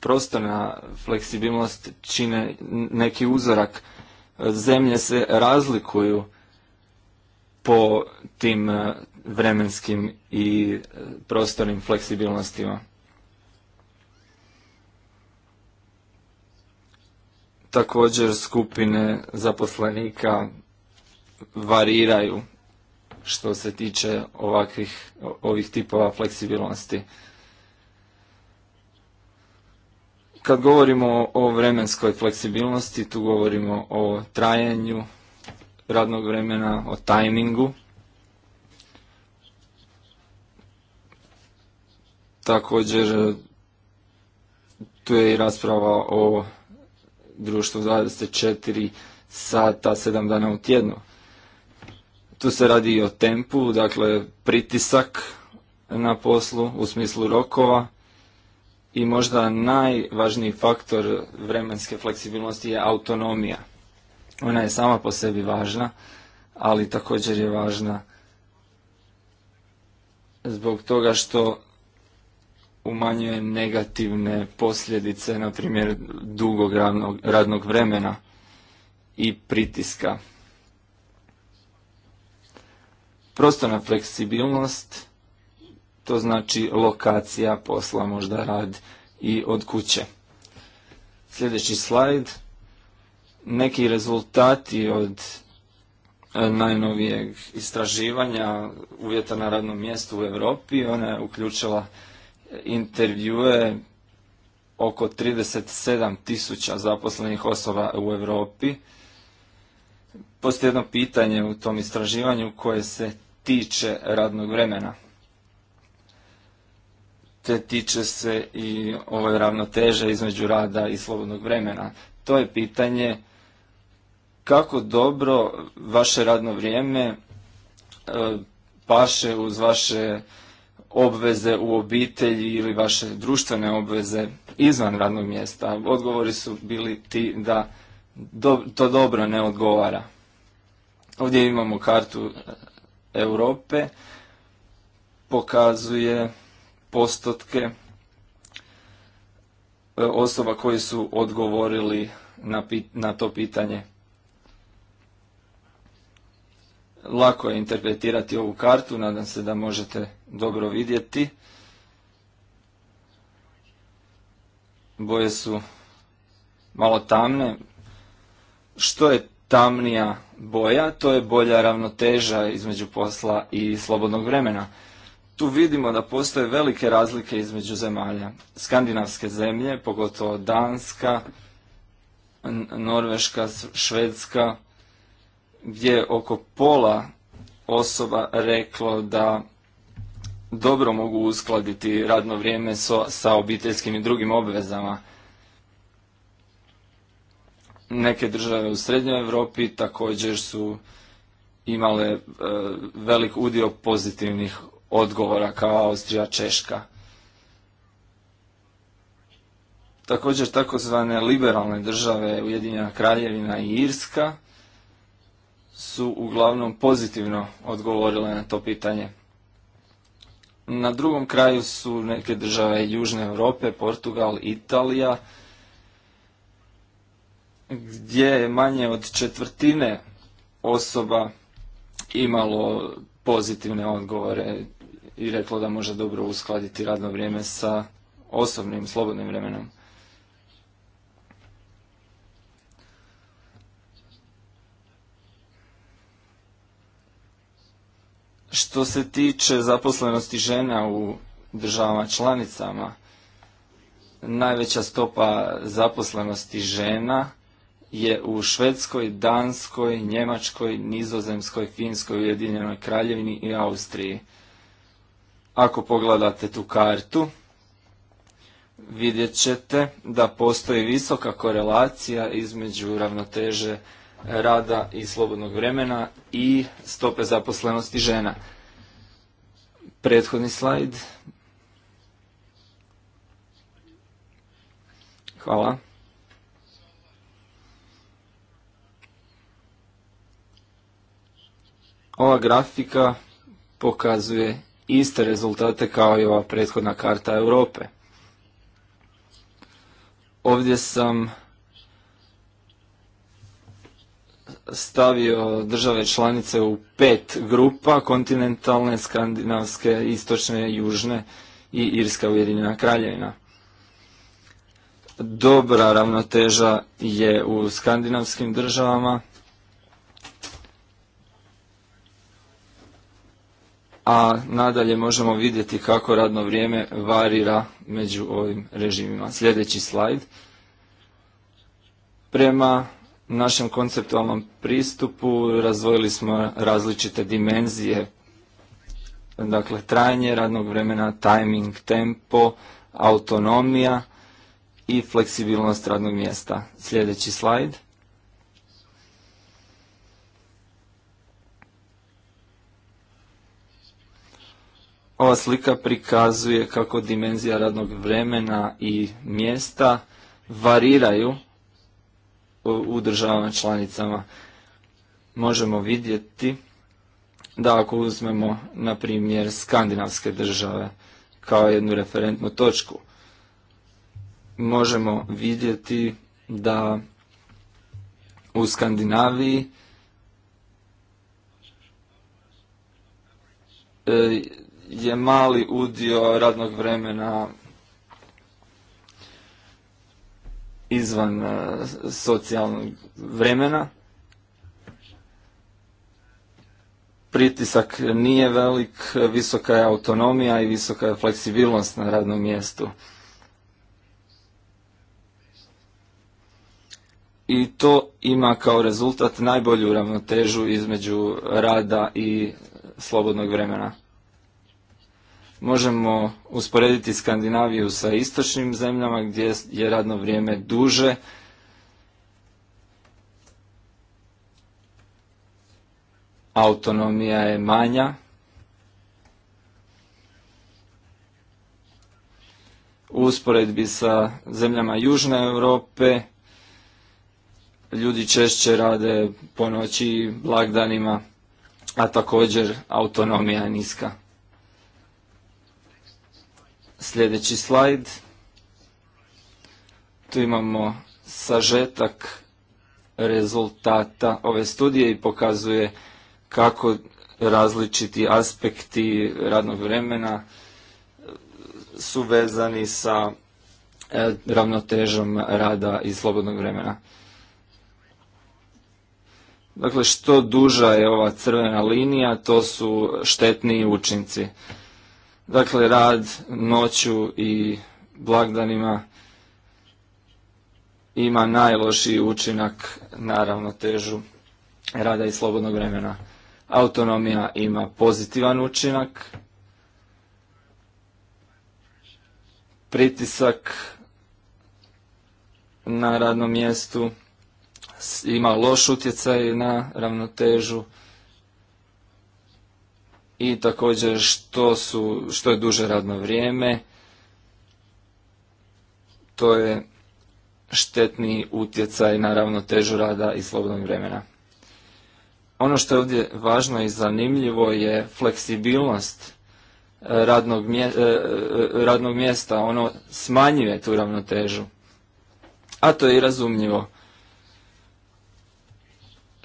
prostorna fleksibilnost čine neki uzorak. Zemlje se razlikuju po tim eh, vremenskim i eh, prostornim fleksibilnostima. također skupine zaposlenika variraju što se tiče ovakvih, ovih tipova fleksibilnosti. Kad govorimo o vremenskoj fleksibilnosti, tu govorimo o trajanju radnog vremena, o tajmingu. Također, tu je i rasprava o društvo 24 sata, 7 dana u tjednu. Tu se radi i o tempu, dakle pritisak na poslu u smislu rokova i možda najvažniji faktor vremenske fleksibilnosti je autonomija. Ona je sama po sebi važna, ali također je važna zbog toga što umanjuje negativne posljedice, na primjer dugog radnog, vremena i pritiska. Prostorna fleksibilnost, to znači lokacija posla, možda rad i od kuće. Sljedeći slajd, neki rezultati od e, najnovijeg istraživanja uvjeta na radnom mjestu u Europi. Ona je uključila intervjue oko 37 tisuća zaposlenih osoba u Europi. Postoji jedno pitanje u tom istraživanju koje se tiče radnog vremena. Te tiče se i ove ravnoteže između rada i slobodnog vremena. To je pitanje kako dobro vaše radno vrijeme e, paše uz vaše obveze u obitelji ili vaše društvene obveze izvan radnog mjesta. Odgovori su bili ti da to dobro ne odgovara. Ovdje imamo kartu e, Europe, pokazuje postotke e, osoba koji su odgovorili na, na to pitanje. Lako je interpretirati ovu kartu, nadam se da možete dobro vidjeti. Boje su malo tamne. Što je tamnija boja, to je bolja ravnoteža između posla i slobodnog vremena. Tu vidimo da postoje velike razlike između zemalja. Skandinavske zemlje, pogotovo Danska, Norveška, Švedska, gdje je oko pola osoba reklo da dobro mogu uskladiti radno vrijeme sa obiteljskim i drugim obvezama. Neke države u srednjoj Europi također su imale e, velik udio pozitivnih odgovora kao Austrija, Češka. Također takozvane liberalne države Ujedinjena Kraljevina i Irska su uglavnom pozitivno odgovorile na to pitanje. Na drugom kraju su neke države Južne Europe, Portugal, Italija, gdje je manje od četvrtine osoba imalo pozitivne odgovore i reklo da može dobro uskladiti radno vrijeme sa osobnim slobodnim vremenom. Što se tiče zaposlenosti žena u državama članicama, najveća stopa zaposlenosti žena je u Švedskoj, Danskoj, Njemačkoj, Nizozemskoj, Finskoj, Ujedinjenoj Kraljevini i Austriji. Ako pogledate tu kartu, vidjet ćete da postoji visoka korelacija između ravnoteže rada i slobodnog vremena i stope zaposlenosti žena. Prethodni slajd. Hvala. Ova grafika pokazuje iste rezultate kao i ova prethodna karta Europe. Ovdje sam stavio države članice u pet grupa, kontinentalne, skandinavske, istočne, južne i Irska ujedinjena kraljevina. Dobra ravnoteža je u skandinavskim državama, a nadalje možemo vidjeti kako radno vrijeme varira među ovim režimima. Sljedeći slajd. Prema našem konceptualnom pristupu razvojili smo različite dimenzije, dakle trajanje radnog vremena, timing, tempo, autonomija i fleksibilnost radnog mjesta. Sljedeći slajd. Ova slika prikazuje kako dimenzija radnog vremena i mjesta variraju u državama članicama. Možemo vidjeti da ako uzmemo, na primjer, skandinavske države kao jednu referentnu točku, možemo vidjeti da u Skandinaviji e, je mali udio radnog vremena izvan e, socijalnog vremena. Pritisak nije velik, visoka je autonomija i visoka je fleksibilnost na radnom mjestu. i to ima kao rezultat najbolju ravnotežu između rada i slobodnog vremena. Možemo usporediti Skandinaviju sa istočnim zemljama gdje je radno vrijeme duže. Autonomija je manja. U usporedbi sa zemljama Južne Europe ljudi češće rade po noći, blagdanima, a također autonomija je niska. Sljedeći slajd. Tu imamo sažetak rezultata ove studije i pokazuje kako različiti aspekti radnog vremena su vezani sa e, ravnotežom rada i slobodnog vremena. Dakle, što duža je ova crvena linija, to su štetniji učinci dakle rad noću i blagdanima ima najlošiji učinak na ravnotežu rada i slobodnog vremena. Autonomija ima pozitivan učinak. Pritisak na radnom mjestu ima loš utjecaj na ravnotežu i također što, su, što je duže radno vrijeme, to je štetni utjecaj na ravnotežu rada i slobodnog vremena. Ono što je ovdje važno i zanimljivo je fleksibilnost e, radnog, e, e, radnog mjesta, ono smanjuje tu ravnotežu. A to je i razumljivo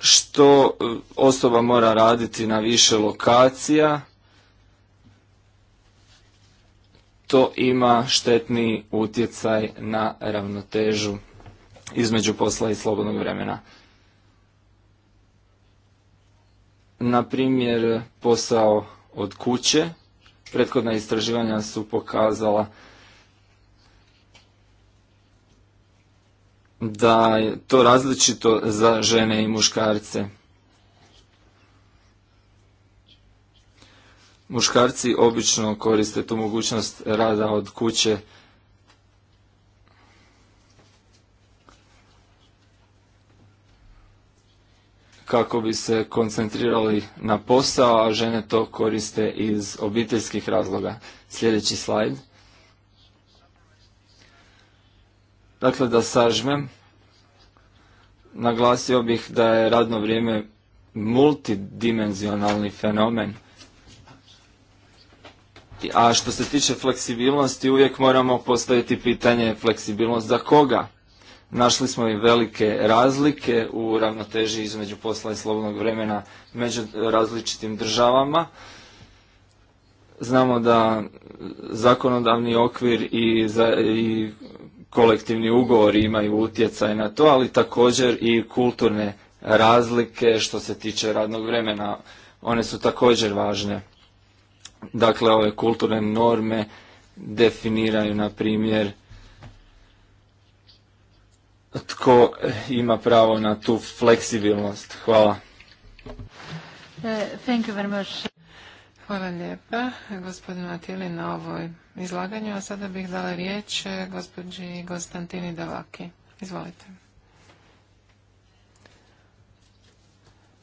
što e, osoba mora raditi na više lokacija, to ima štetni utjecaj na ravnotežu između posla i slobodnog vremena. Na primjer, posao od kuće. Prethodna istraživanja su pokazala da je to različito za žene i muškarce. Muškarci obično koriste tu mogućnost rada od kuće. kako bi se koncentrirali na posao, a žene to koriste iz obiteljskih razloga. Sljedeći slajd. Dakle, da sažmem, naglasio bih da je radno vrijeme multidimenzionalni fenomen. A što se tiče fleksibilnosti, uvijek moramo postaviti pitanje fleksibilnost za koga. Našli smo i velike razlike u ravnoteži između posla i slobodnog vremena među različitim državama. Znamo da zakonodavni okvir i, i kolektivni ugovori imaju utjecaj na to, ali također i kulturne razlike što se tiče radnog vremena. One su također važne. Dakle, ove kulturne norme definiraju, na primjer, tko ima pravo na tu fleksibilnost. Hvala. Eh, thank you very much. Hvala lijepa gospodinu Atili na ovoj izlaganju, a sada bih dala riječ eh, gospođi Gostantini Davaki. Izvolite.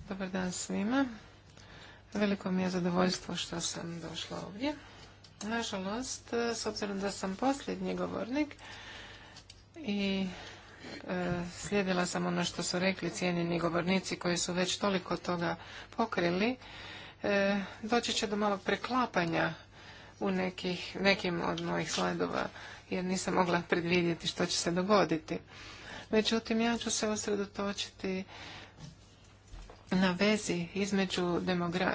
Dobar dan svima. Veliko mi je zadovoljstvo što sam došla ovdje. Nažalost, eh, s obzirom da sam posljednji govornik i eh, slijedila sam ono što su rekli cijenjeni govornici koji su već toliko toga pokrili, E, doći će do malog preklapanja u nekih, nekim od mojih sledova jer nisam mogla predvidjeti što će se dogoditi. Međutim, ja ću se osredotočiti na vezi između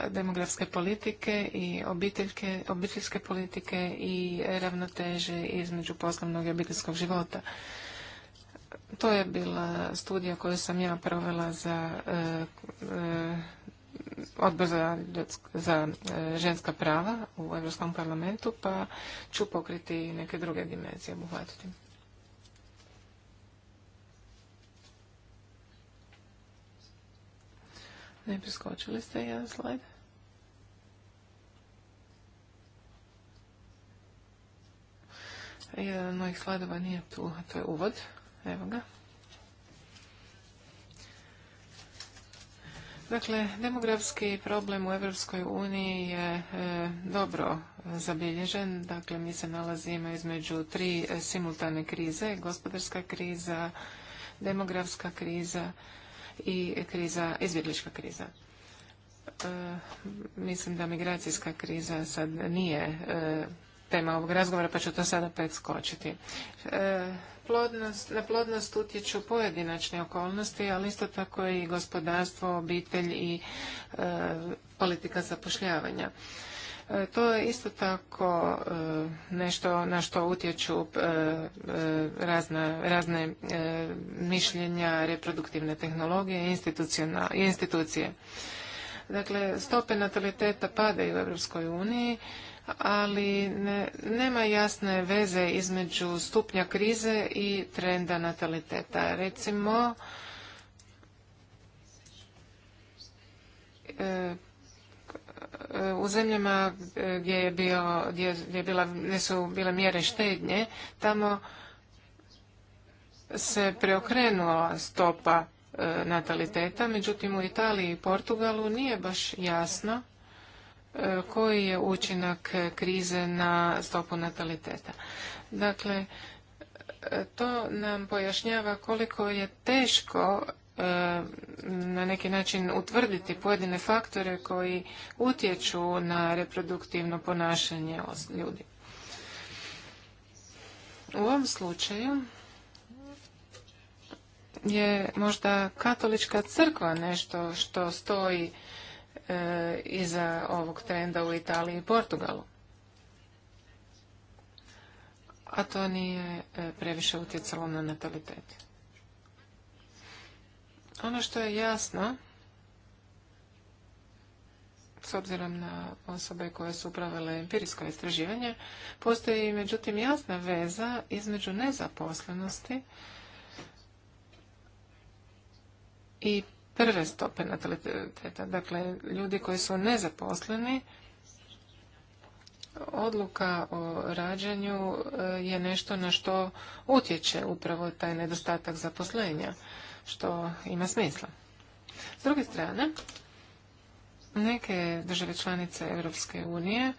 demografske politike i obiteljke, obiteljske politike i ravnoteže između poslovnog i obiteljskog života. To je bila studija koju sam ja provela za e, e, odbor za, za e, ženska prava u Europskom parlamentu, pa ću pokriti neke druge dimenzije obuhvatiti. Ne priskočili ste jedan slajd. Jedan od mojih slajdova nije tu, to je uvod. Evo ga. Dakle, demografski problem u Europskoj uniji je e, dobro zabilježen. Dakle, mi se nalazimo između tri e, simultane krize, gospodarska kriza, demografska kriza i kriza, izbjeglička kriza. E, mislim da migracijska kriza sad nije tema ovog razgovora, pa ću to sada preskočiti E, na plodnost utječu pojedinačne okolnosti, ali isto tako i gospodarstvo, obitelj i e, politika zapošljavanja. E, to je isto tako e, nešto na što utječu razne mišljenja, reproduktivne tehnologije i institucije. Dakle, stope nataliteta padaju u Europskoj uniji ali ne, nema jasne veze između stupnja krize i trenda nataliteta. Recimo, e, u zemljama gdje je bio, je bila, gdje su bile mjere štednje, tamo se preokrenula stopa e, nataliteta, međutim u Italiji i Portugalu nije baš jasno koji je učinak krize na stopu nataliteta. Dakle, to nam pojašnjava koliko je teško e, na neki način utvrditi pojedine faktore koji utječu na reproduktivno ponašanje ljudi. U ovom slučaju je možda katolička crkva nešto što stoji E, iza ovog trenda u Italiji i Portugalu. A to nije e, previše utjecalo na natalitet. Ono što je jasno, s obzirom na osobe koje su upravile empirijsko istraživanje, postoji međutim jasna veza između nezaposlenosti i prve stope nataliteta. Dakle, ljudi koji su nezaposleni, odluka o rađanju e, je nešto na što utječe upravo taj nedostatak zaposlenja, što ima smisla. S druge strane, neke države članice Europske unije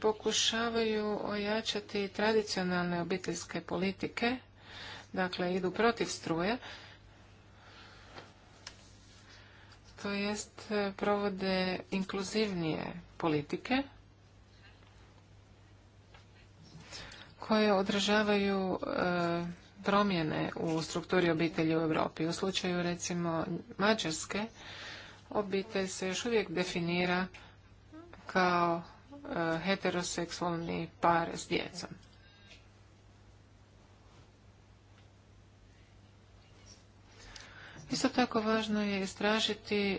pokušavaju ojačati tradicionalne obiteljske politike, dakle idu protiv struje, to jest e, provode inkluzivnije politike koje odražavaju e, promjene u strukturi obitelji u Europi. U slučaju recimo Mađarske obitelj se još uvijek definira kao e, heteroseksualni par s djecom. Isto tako važno je istražiti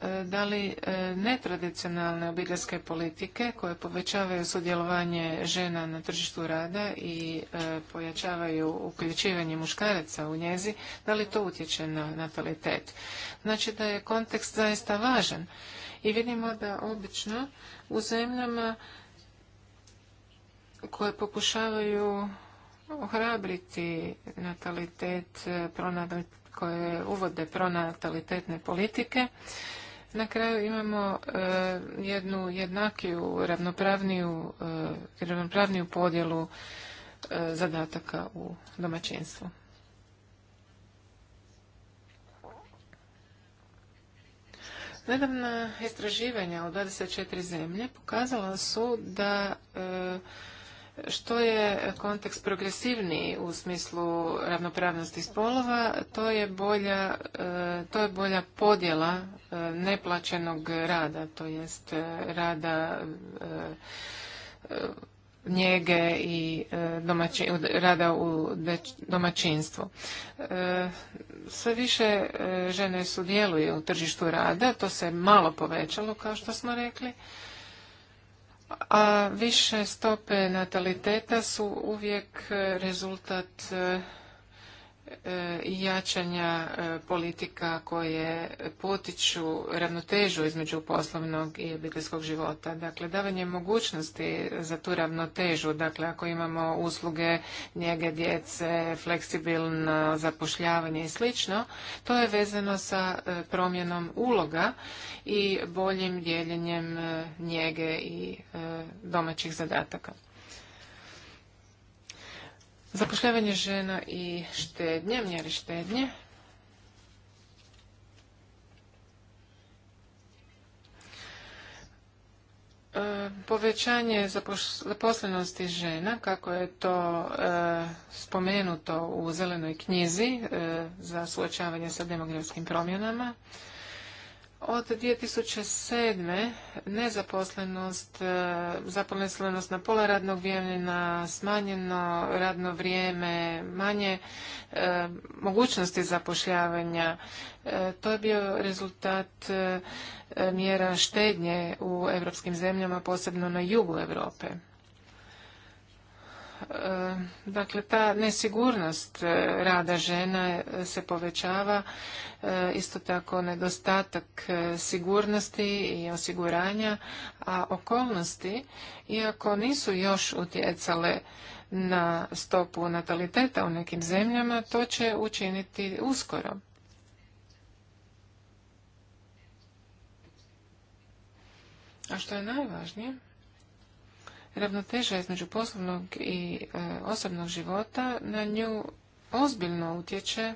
e, da li e, netradicionalne obiteljske politike koje povećavaju sudjelovanje žena na tržištu rada i e, pojačavaju uključivanje muškaraca u njezi, da li to utječe na natalitet. Znači da je kontekst zaista važan i vidimo da obično u zemljama koje pokušavaju ohrabriti natalitet, pronatalitet, koje uvode pronatalitetne politike. Na kraju imamo e, jednu jednakiju, ravnopravniju, e, podjelu e, zadataka u domaćinstvu. Nedavna istraživanja u 24 zemlje pokazala su da što je kontekst progresivniji u smislu ravnopravnosti spolova, to je bolja, e, to je bolja podjela e, neplaćenog rada, to jest e, rada njege i rada u domaćinstvu. Sve više žene sudjeluju u tržištu rada, to se malo povećalo kao što smo rekli a više stope nataliteta su uvijek rezultat e, E, jačanja e, politika koje potiču ravnotežu između poslovnog i obiteljskog života. Dakle, davanje mogućnosti za tu ravnotežu, dakle, ako imamo usluge njege djece, fleksibilno zapošljavanje i slično, to je vezano sa e, promjenom uloga i boljim dijeljenjem njege i domaćih zadataka. Zapošljavanje žena i štednje, mjeri štednje. Povećanje zaposlenosti žena, kako je to e, spomenuto u zelenoj knjizi e, za suočavanje sa demografskim promjenama, od 2007. nezaposlenost, e, zaposlenost na pola radnog vremena, smanjeno radno vrijeme, manje e, mogućnosti zapošljavanja. E, to je bio rezultat mjera štednje u europskim zemljama, posebno na jugu Europe. E, dakle, ta nesigurnost e, rada žena e, se povećava, isto tako nedostatak sigurnosti i osiguranja, a okolnosti, iako nisu još utjecale na stopu nataliteta u nekim zemljama, to će učiniti uskoro. A što je najvažnije? ravnoteža između poslovnog i e, osobnog života na nju ozbiljno utječe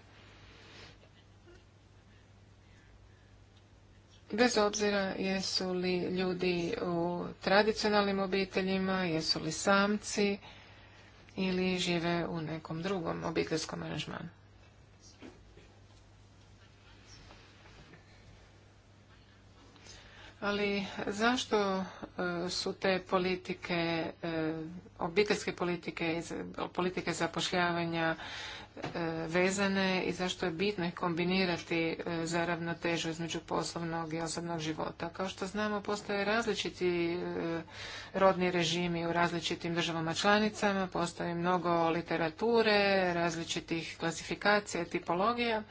bez obzira jesu li ljudi u tradicionalnim obiteljima, jesu li samci ili žive u nekom drugom obiteljskom aranžmanu. Ali zašto e, su te politike, e, obiteljske politike, politike zapošljavanja e, vezane i zašto je bitno ih kombinirati za ravnotežu između poslovnog i osobnog života. Kao što znamo, postoje različiti rodni režimi u različitim državama članicama, postoji mnogo literature, različitih klasifikacija, tipologija.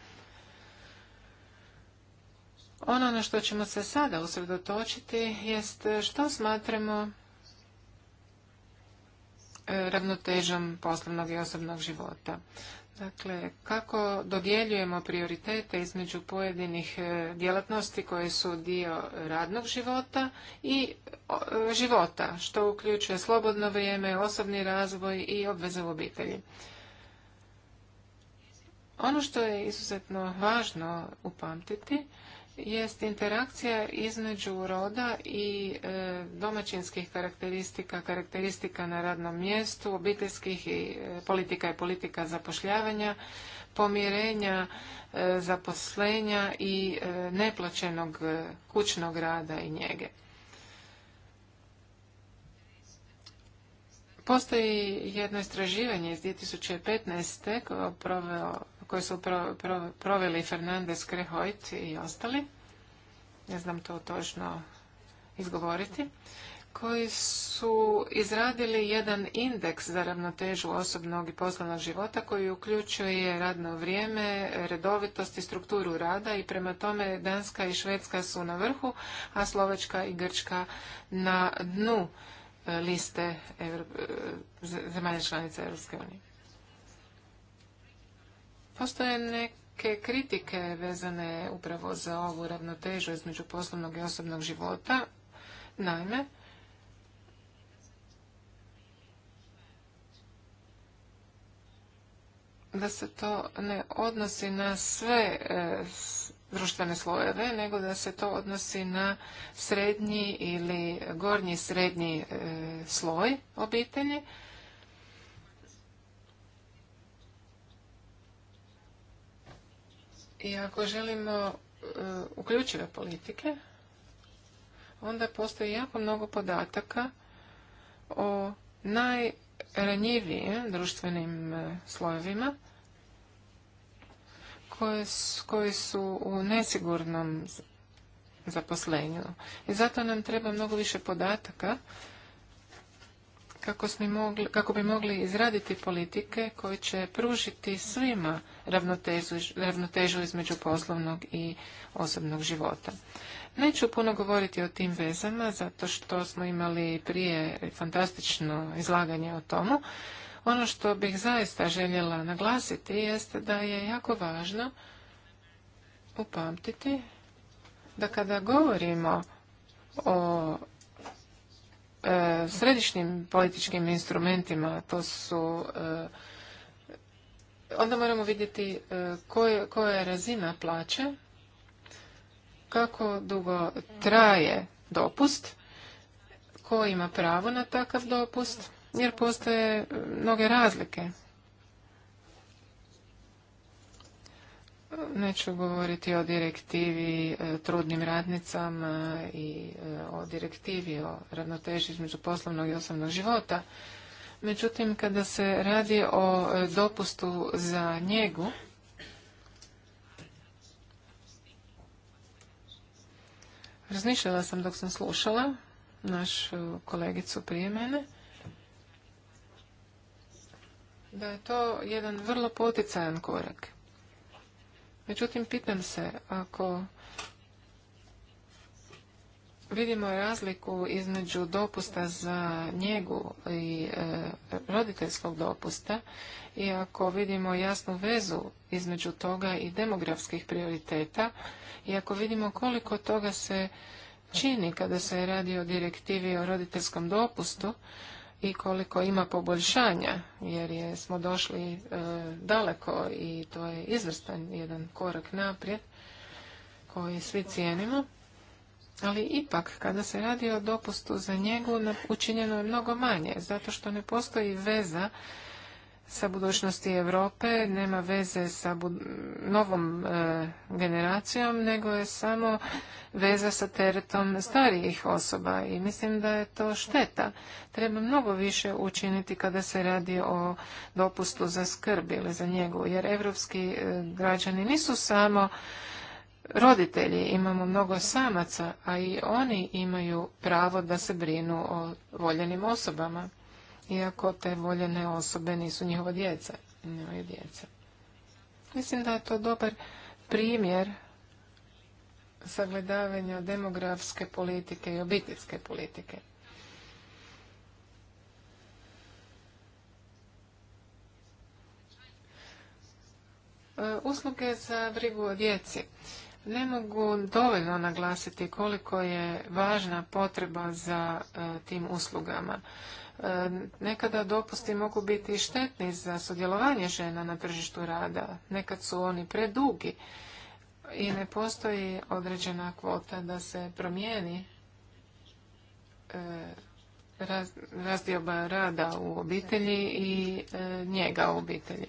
Ono na što ćemo se sada usredotočiti jest što smatramo e, ravnotežom poslovnog i osobnog života. Dakle, kako dodjeljujemo prioritete između pojedinih e, djelatnosti koje su dio radnog života i e, života, što uključuje slobodno vrijeme, osobni razvoj i obveze u obitelji. Ono što je izuzetno važno upamtiti jest interakcija između roda i e, domaćinskih karakteristika, karakteristika na radnom mjestu, obiteljskih i e, politika i politika zapošljavanja, pomirenja, e, zaposlenja i neplaćenog kućnog rada i njege. Postoji jedno istraživanje iz 2015. koje je proveo koje su pro, proveli Fernandez, Krehojt i ostali, ne znam to točno izgovoriti, koji su izradili jedan indeks za ravnotežu osobnog i poslovnog života koji uključuje radno vrijeme, redovitost i strukturu rada i prema tome Danska i Švedska su na vrhu, a Slovačka i Grčka na dnu e, liste e, zemalja članica Europske unije. Postoje neke kritike vezane upravo za ovu ravnotežu između poslovnog i osobnog života. Naime, da se to ne odnosi na sve e, društvene slojeve, nego da se to odnosi na srednji ili gornji srednji e, sloj obitelji I ako želimo e, uključive politike, onda postoji jako mnogo podataka o najranjivijim društvenim e, slojevima koji su u nesigurnom zaposlenju. I zato nam treba mnogo više podataka kako, kako bi mogli izraditi politike koje će pružiti svima ravnotežu, između poslovnog i osobnog života. Neću puno govoriti o tim vezama, zato što smo imali prije fantastično izlaganje o tomu. Ono što bih zaista željela naglasiti jeste da je jako važno upamtiti da kada govorimo o e, središnjim političkim instrumentima, to su e, onda moramo vidjeti e, koja je razina plaće, kako dugo traje dopust, ko ima pravo na takav dopust, jer postoje e, mnoge razlike. Neću govoriti o direktivi e, trudnim radnicama i o direktivi o ravnoteži između poslovnog i osobnog života. Međutim, kada se radi o e, dopustu za njegu, razmišljala sam dok sam slušala našu kolegicu prije mene, da je to jedan vrlo poticajan korak. Međutim, pitam se, ako vidimo razliku između dopusta za njegu i e, roditeljskog dopusta i ako vidimo jasnu vezu između toga i demografskih prioriteta i ako vidimo koliko toga se čini kada se radi o direktivi o roditeljskom dopustu i koliko ima poboljšanja jer smo došli e, daleko i to je izvrstan jedan korak naprijed koji svi cijenimo ali ipak kada se radi o dopustu za njegu učinjeno je mnogo manje zato što ne postoji veza sa budućnosti Europe, nema veze sa novom e, generacijom, nego je samo veza sa teretom starijih osoba i mislim da je to šteta. Treba mnogo više učiniti kada se radi o dopustu za skrb ili za njegu, jer evropski e, građani nisu samo roditelji, imamo mnogo samaca, a i oni imaju pravo da se brinu o voljenim osobama, iako te voljene osobe nisu njihova djeca. Njihova djeca. Mislim da je to dobar primjer sagledavanja demografske politike i obiteljske politike. E, usluge za brigu o djeci. Ne mogu dovoljno naglasiti koliko je važna potreba za e, tim uslugama. E, nekada dopusti mogu biti štetni za sudjelovanje žena na tržištu rada. Nekad su oni predugi i ne postoji određena kvota da se promijeni e, razdioba rada u obitelji i njega u obitelji.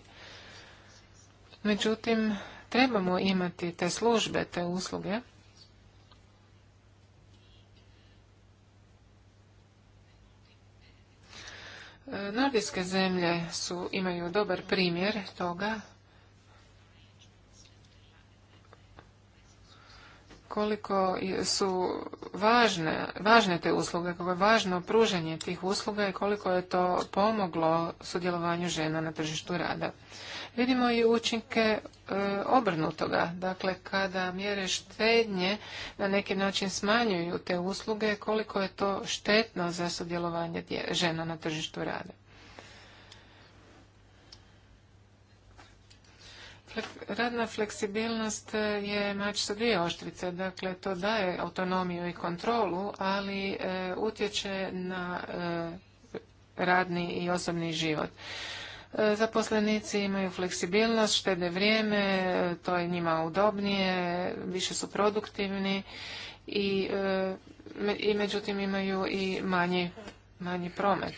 Međutim, Trebamo imati te službe, te usluge. E, nordijske zemlje su, imaju dobar primjer toga koliko su važne, važne te usluge, koliko je važno pružanje tih usluga i koliko je to pomoglo sudjelovanju žena na tržištu rada vidimo i učinke e, obrnutoga. Dakle, kada mjere štednje na neki način smanjuju te usluge, koliko je to štetno za sudjelovanje žena na tržištu rada. Radna fleksibilnost je mač sa dvije oštrice, dakle to daje autonomiju i kontrolu, ali e, utječe na e, radni i osobni život. E, zaposlenici imaju fleksibilnost, štede vrijeme, to je njima udobnije, više su produktivni i, e, i međutim imaju i manji, manji promet.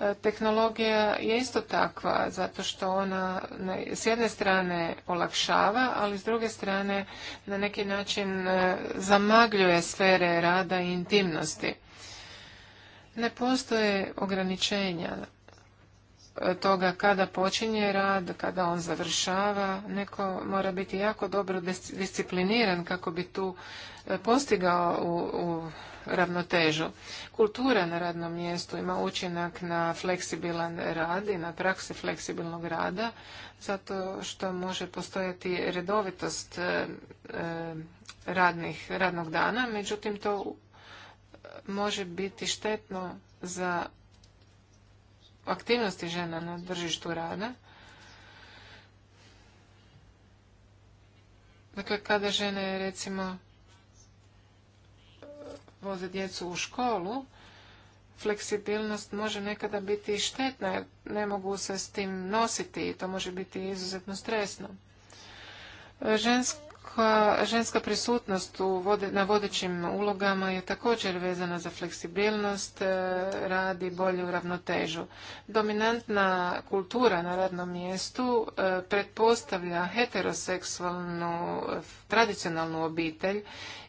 E, tehnologija je isto takva zato što ona s jedne strane olakšava, ali s druge strane na neki način zamagljuje sfere rada i intimnosti. Ne postoje ograničenja toga kada počinje rad, kada on završava. Neko mora biti jako dobro discipliniran kako bi tu e, postigao u, ravnotežu. Kultura na radnom mjestu ima učinak na fleksibilan rad i na praksi fleksibilnog rada, zato što može postojati redovitost e, e, radnih, radnog dana, međutim to može biti štetno za aktivnosti žena na držištu rada. Dakle, kada žene recimo voze djecu u školu, fleksibilnost može nekada biti štetna ne mogu se s tim nositi i to može biti izuzetno stresno. Žensk, Eh, ženska prisutnost u na vodećim ulogama je također vezana za fleksibilnost, eh, radi i bolju ravnotežu. Dominantna kultura na radnom mjestu eh, pretpostavlja heteroseksualnu tradicionalnu obitelj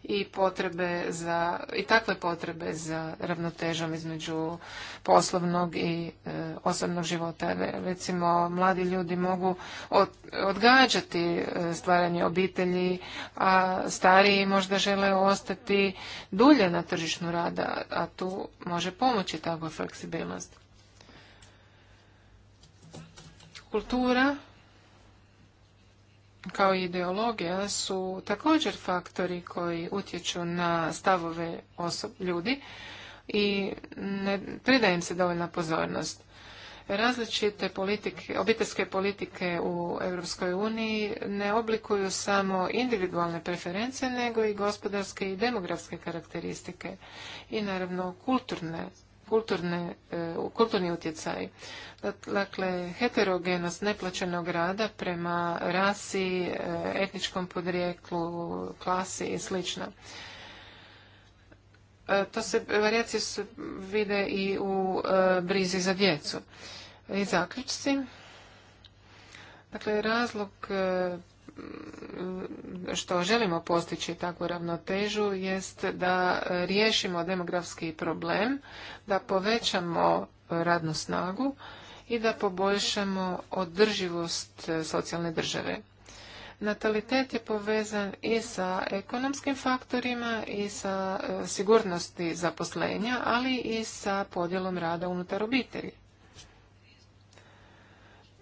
i potrebe za i takve potrebe za ravnotežom između poslovnog i osobnog života. Recimo mladi ljudi mogu odgađati stvaranje obitelji a stariji možda žele ostati dulje na tržišnu rada, a tu može pomoći takva fleksibilnost. Kultura kao i ideologija su također faktori koji utječu na stavove osob, ljudi i ne prida im se dovoljna pozornost. Različite politike, obiteljske politike u Europskoj uniji ne oblikuju samo individualne preference, nego i gospodarske i demografske karakteristike i naravno kulturne e, kulturni utjecaj. Dakle, heterogenost neplaćenog rada prema rasi, e, etničkom podrijeklu, klasi i slično. E, to se, varijacije vide i u e, brizi za djecu. I zaključci. Dakle, razlog e, što želimo postići takvu ravnotežu jest da riješimo demografski problem, da povećamo radnu snagu i da poboljšamo održivost socijalne države. Natalitet je povezan i sa ekonomskim faktorima i sa e, sigurnosti zaposlenja, ali i sa podjelom rada unutar obitelji.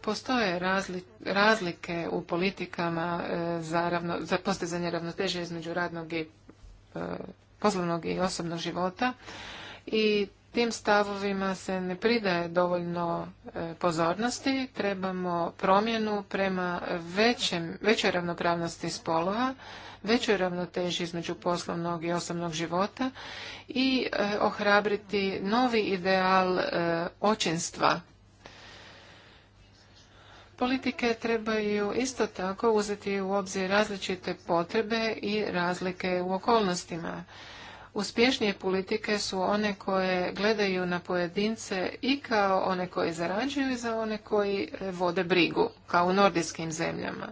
Postoje razlike u politikama e, za, ravno, za postizanje ravnoteže između radnog i e, poslovnog i osobnog života i Tim stavovima se ne pridaje dovoljno e, pozornosti, trebamo promjenu prema većem, većoj ravnopravnosti spolova, većoj ravnoteži između poslovnog i osobnog života i e, ohrabriti novi ideal e, očinstva. Politike trebaju isto tako uzeti u obzir različite potrebe i razlike u okolnostima. Uspješnije politike su one koje gledaju na pojedince i kao one koje zarađuju i za one koji e, vode brigu, kao u nordijskim zemljama.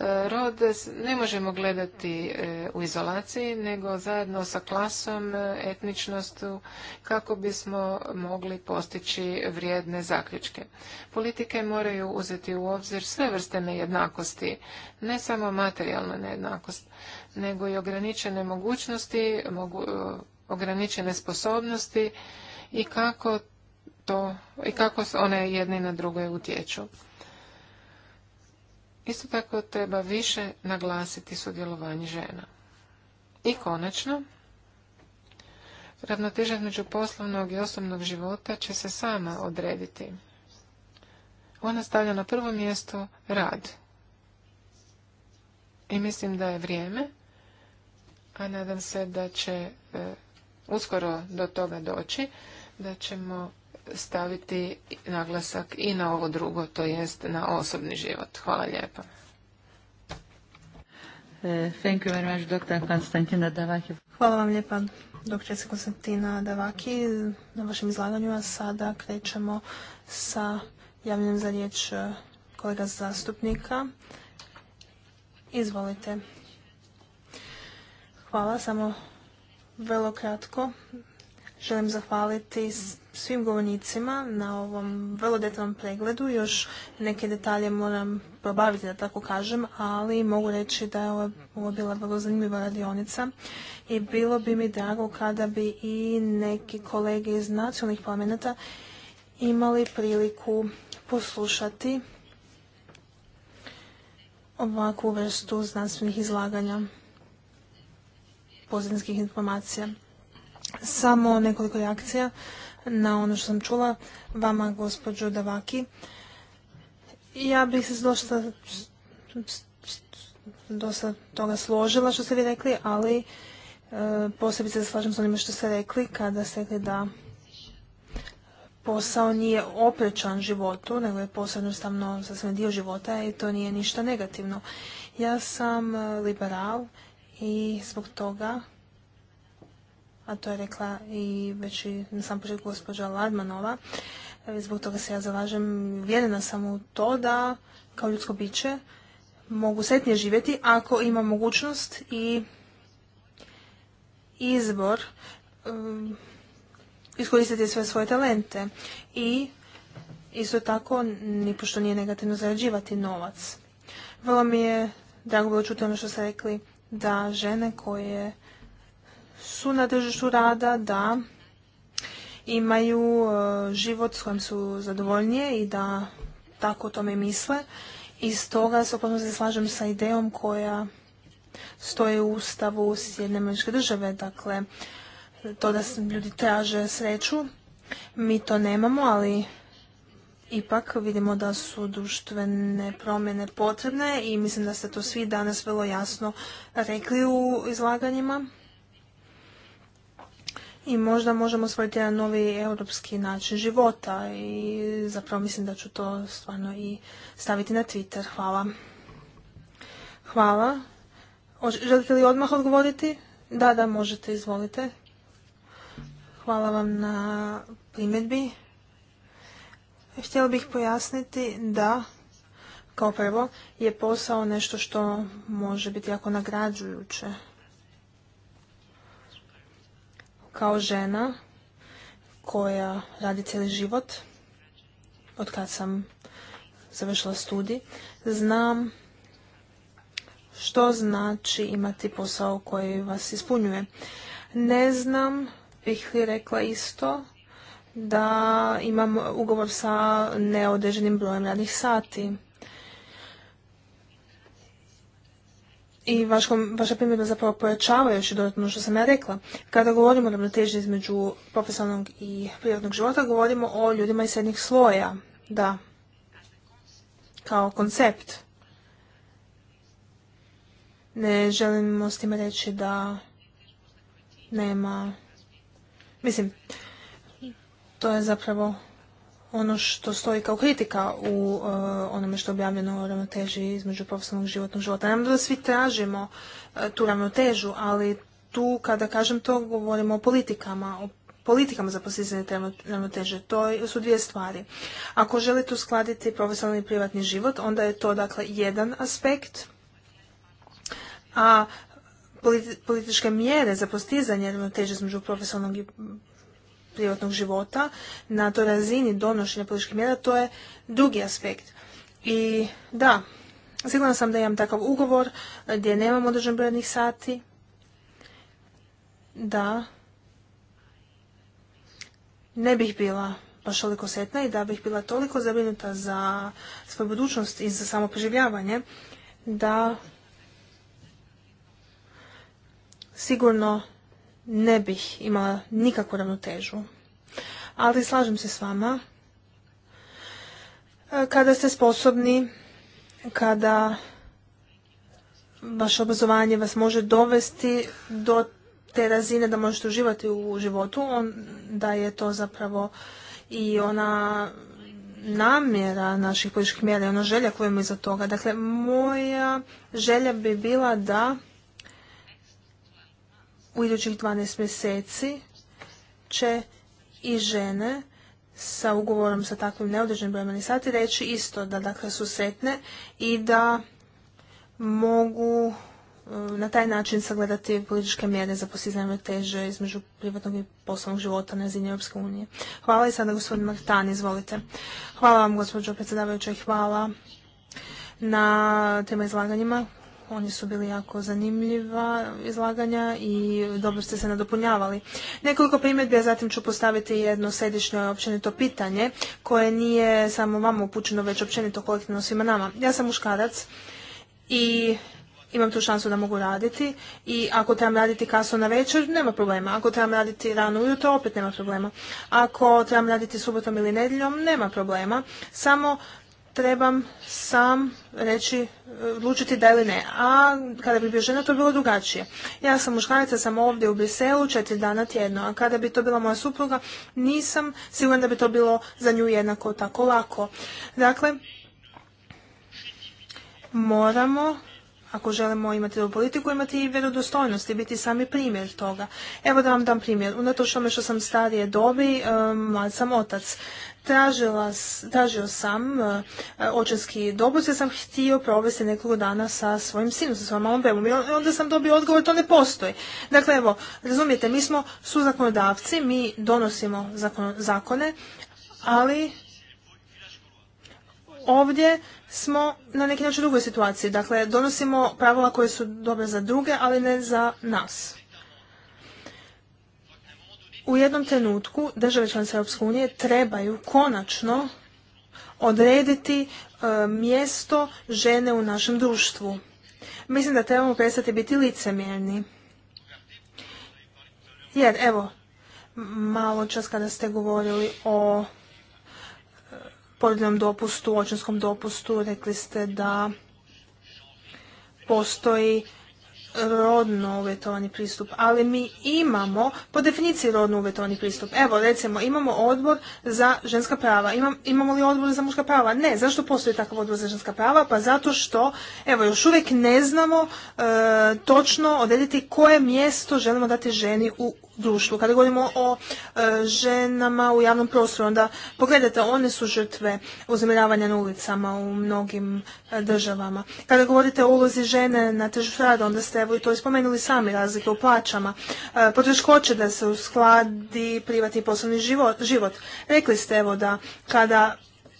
E, rod ne možemo gledati e, u izolaciji, nego zajedno sa klasom, etničnostu, kako bismo mogli postići vrijedne zaključke. Politike moraju uzeti u obzir sve vrste nejednakosti, ne samo materijalna nejednakost nego i ograničene mogućnosti, mogu, e, ograničene sposobnosti i kako to i kako one jedne na druge utječu. Isto tako treba više naglasiti sudjelovanje žena. I konačno, ravnoteža između poslovnog i osobnog života će se sama odrediti. Ona stavlja na prvo mjesto rad. I mislim da je vrijeme a nadam se da će e, uskoro do toga doći, da ćemo staviti naglasak i na ovo drugo, to jest na osobni život. Hvala lijepa. E, thank Konstantina Davaki. Hvala vam lijepa, dr. Konstantina Davaki, na vašem izlaganju. A sada krećemo sa javljanjem za riječ e, kolega zastupnika. Izvolite. Hvala, samo vrlo kratko. Želim zahvaliti svim govornicima na ovom vrlo detaljnom pregledu. Još neke detalje moram probaviti, da tako kažem, ali mogu reći da je ovo bila vrlo zanimljiva radionica i bilo bi mi drago kada bi i neki kolege iz nacionalnih parlamenta imali priliku poslušati ovakvu vrstu znanstvenih izlaganja pozadinskih informacija. Samo nekoliko reakcija na ono što sam čula vama, gospođo Davaki. Ja bih se dosta, dosta toga složila što ste vi rekli, ali e, posebice se slažem s onime što ste rekli kada ste rekli da posao nije oprečan životu, nego je posao jednostavno sasvim dio života i to nije ništa negativno. Ja sam e, liberal i zbog toga a to je rekla i već i na sam početku gospođa Ladmanova, zbog toga se ja zalažem, vjerena sam u to da kao ljudsko biće mogu sretnije živjeti ako ima mogućnost i izbor um, iskoristiti sve svoje talente i isto tako nipošto nije negativno zarađivati novac. Vrlo mi je drago bilo čuti ono što ste rekli da žene koje su na tržištu rada, da imaju e, život s kojim su zadovoljnije i da tako o tome misle. I stoga se opravno se slažem sa idejom koja stoje u ustavu Sjedne američke države. Dakle, to da ljudi traže sreću, mi to nemamo, ali Ipak vidimo da su društvene promjene potrebne i mislim da ste to svi danas vrlo jasno rekli u izlaganjima. I možda možemo stvoriti jedan novi europski način života i zapravo mislim da ću to stvarno i staviti na Twitter. Hvala. Hvala. Želite li odmah odgovoriti? Da, da, možete, izvolite. Hvala vam na primjedbi. Htjela bih pojasniti da kao prvo je posao nešto što može biti jako nagrađujuće. Kao žena koja radi cijeli život, od kad sam završila studij, znam što znači imati posao koji vas ispunjuje. Ne znam, bih li rekla isto, da imam ugovor sa neodeženim brojem radnih sati. I vaša primjedba zapravo pojačava još i dodatno ono što sam ja rekla. Kada govorimo o ravnoteži između profesionalnog i privatnog života, govorimo o ljudima iz srednjih sloja. Da, kao koncept. Ne želimo s time reći da nema... Mislim, to je zapravo ono što stoji kao kritika u e, onome što je objavljeno o ravnoteži između profesionalnog životnog života. Naravno da svi tražimo e, tu ravnotežu, ali tu kada kažem to govorimo o politikama, o politikama za postizanje te ravnoteže. To su dvije stvari. Ako želite uskladiti profesionalni i privatni život, onda je to dakle jedan aspekt, a političke mjere za postizanje ravnoteže između profesionalnog i privatnog života na toj razini donošenja političkih mjera, to je drugi aspekt. I da, sigurna sam da imam takav ugovor gdje nemam određen brojnih sati, da ne bih bila baš toliko setna i da bih bila toliko zabrinuta za svoju budućnost i za samo preživljavanje, da sigurno ne bih imala nikakvu ravnotežu. Ali slažem se s vama. E, kada ste sposobni, kada vaše obrazovanje vas može dovesti do te razine da možete uživati u životu, onda je to zapravo i ona namjera naših političkih mjera i ona želja koju imamo iza toga. Dakle, moja želja bi bila da u idućih 12 mjeseci će i žene sa ugovorom sa takvim neodređenim brojem sati reći isto da dakle su setne i da mogu e, na taj način sagledati političke mjere za postizanje teže između privatnog i poslovnog života na razini Europske unije. Hvala i sada gospodin Martan, izvolite. Hvala vam gospođo predsjedavajuća i hvala na tema izlaganjima oni su bili jako zanimljiva izlaganja i dobro ste se nadopunjavali. Nekoliko primjedbi, a zatim ću postaviti jedno središnje općenito pitanje koje nije samo vama upućeno, već općenito kolektivno svima nama. Ja sam muškarac i imam tu šansu da mogu raditi i ako trebam raditi kasno na večer, nema problema. Ako trebam raditi rano ujutro, opet nema problema. Ako trebam raditi subotom ili nedjeljom, nema problema. Samo trebam sam reći, e, odlučiti da ili ne. A kada bi bio žena, to bi bilo drugačije. Ja sam muškarica, sam ovdje u Briselu četiri dana tjedno, a kada bi to bila moja supruga, nisam siguran da bi to bilo za nju jednako tako lako. Dakle, moramo ako želimo imati ovu politiku, imati i vjerodostojnost i biti sami primjer toga. Evo da vam dam primjer. Unatoč tome što sam starije dobi, e, mlad sam otac. Tražila, tražio sam e, očinski dopust jer sam htio provesti nekoliko dana sa svojim sinom, sa svojom malom bebom. I onda sam dobio odgovor, to ne postoji. Dakle, evo, razumijete, mi smo suzakonodavci, mi donosimo zakone, ali ovdje smo na neki način u drugoj situaciji. Dakle, donosimo pravila koje su dobre za druge, ali ne za nas u jednom trenutku države članice Europske unije trebaju konačno odrediti e, mjesto žene u našem društvu. Mislim da trebamo prestati biti licemjerni. Jer, evo, malo čas kada ste govorili o e, pojedinom dopustu, očinskom dopustu, rekli ste da postoji rodno uvjetovani pristup, ali mi imamo po definiciji rodno uvjetovani pristup. Evo, recimo, imamo odbor za ženska prava. imamo li odbor za muška prava? Ne. Zašto postoji takav odbor za ženska prava? Pa zato što, evo, još uvijek ne znamo e, točno odrediti koje mjesto želimo dati ženi u društvu. Kada govorimo o e, ženama u javnom prostoru, onda pogledajte, one su žrtve uznemiravanja na ulicama u mnogim e, državama. Kada govorite o ulozi žene na tržištu rada, onda ste evo i to spomenuli sami, razlike u plaćama, e, poteškoće da se uskladi privatni i poslovni život, Rekli ste evo da kada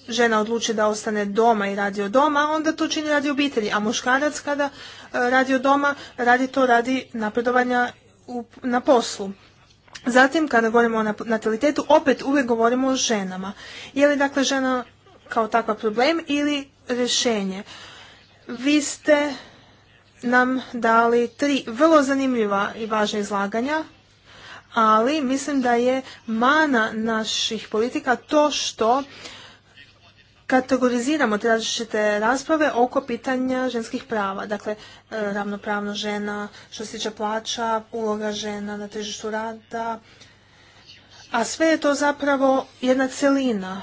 žena odluči da ostane doma i radi od doma, onda to čini radi obitelji, a muškarac kada e, radi od doma, radi to radi napredovanja u, na poslu. Zatim, kada govorimo o natalitetu, opet uvijek govorimo o ženama. Je li dakle žena kao takva problem ili rješenje? Vi ste nam dali tri vrlo zanimljiva i važna izlaganja, ali mislim da je mana naših politika to što kategoriziramo te različite rasprave oko pitanja ženskih prava. Dakle, e, ravnopravno žena što se tiče plaća, uloga žena na tržištu rada, a sve je to zapravo jedna celina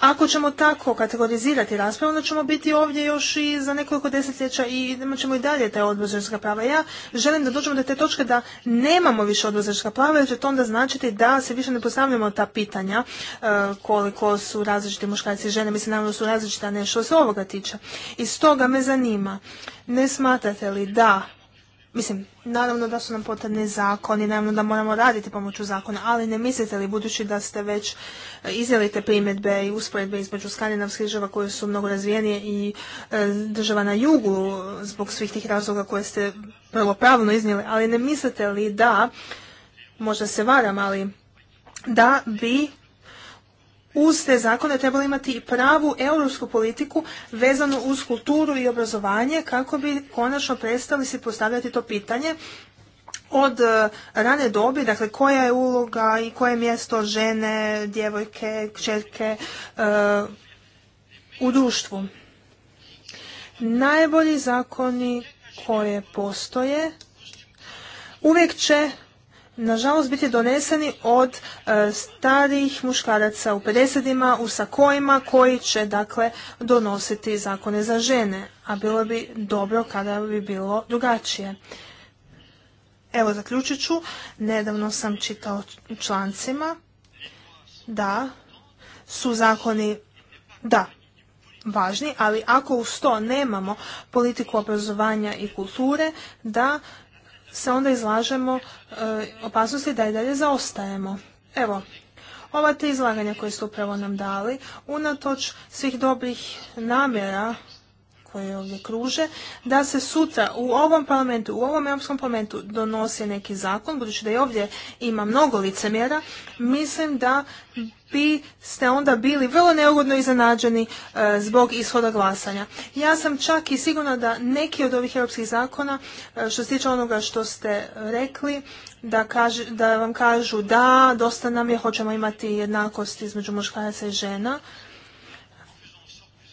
ako ćemo tako kategorizirati raspravu, onda ćemo biti ovdje još i za nekoliko desetljeća i imat ćemo i dalje taj odbor prava. Ja želim da dođemo do te točke da nemamo više odbor prava, jer će to onda značiti da se više ne postavljamo ta pitanja e, koliko su različiti muškarci i žene. Mislim, naravno su različita nešto se ovoga tiče. I stoga me zanima, ne smatrate li da Mislim, naravno da su nam potrebni zakoni, naravno da moramo raditi pomoću zakona, ali ne mislite li, budući da ste već e, izjelite te primjedbe i usporedbe između skandinavskih država koje su mnogo razvijenije i e, država na jugu zbog svih tih razloga koje ste prvo pravno iznijeli, ali ne mislite li da, možda se varam, ali da bi uz te zakone trebali imati i pravu europsku politiku vezanu uz kulturu i obrazovanje kako bi konačno prestali si postavljati to pitanje od e, rane dobi, dakle koja je uloga i koje mjesto žene, djevojke, kćerke e, u društvu. Najbolji zakoni koje postoje uvijek će nažalost biti doneseni od e, starih muškaraca u 50-ima, u sakojima koji će dakle donositi zakone za žene, a bilo bi dobro kada bi bilo drugačije. Evo zaključit ću, nedavno sam čitao člancima da su zakoni da važni, ali ako uz to nemamo politiku obrazovanja i kulture, da se onda izlažemo e, opasnosti da i dalje zaostajemo. Evo, ova te izlaganja koje ste upravo nam dali, unatoč svih dobrih namjera koje ovdje kruže, da se sutra u ovom parlamentu, u ovom Europskom parlamentu donosi neki zakon, budući da i ovdje ima mnogo licemjera, mislim da vi ste onda bili vrlo neugodno iznenađeni e, zbog ishoda glasanja. Ja sam čak i sigurna da neki od ovih europskih zakona, e, što se tiče onoga što ste rekli, da, da vam kažu da, dosta nam je, hoćemo imati jednakost između muškaraca i žena,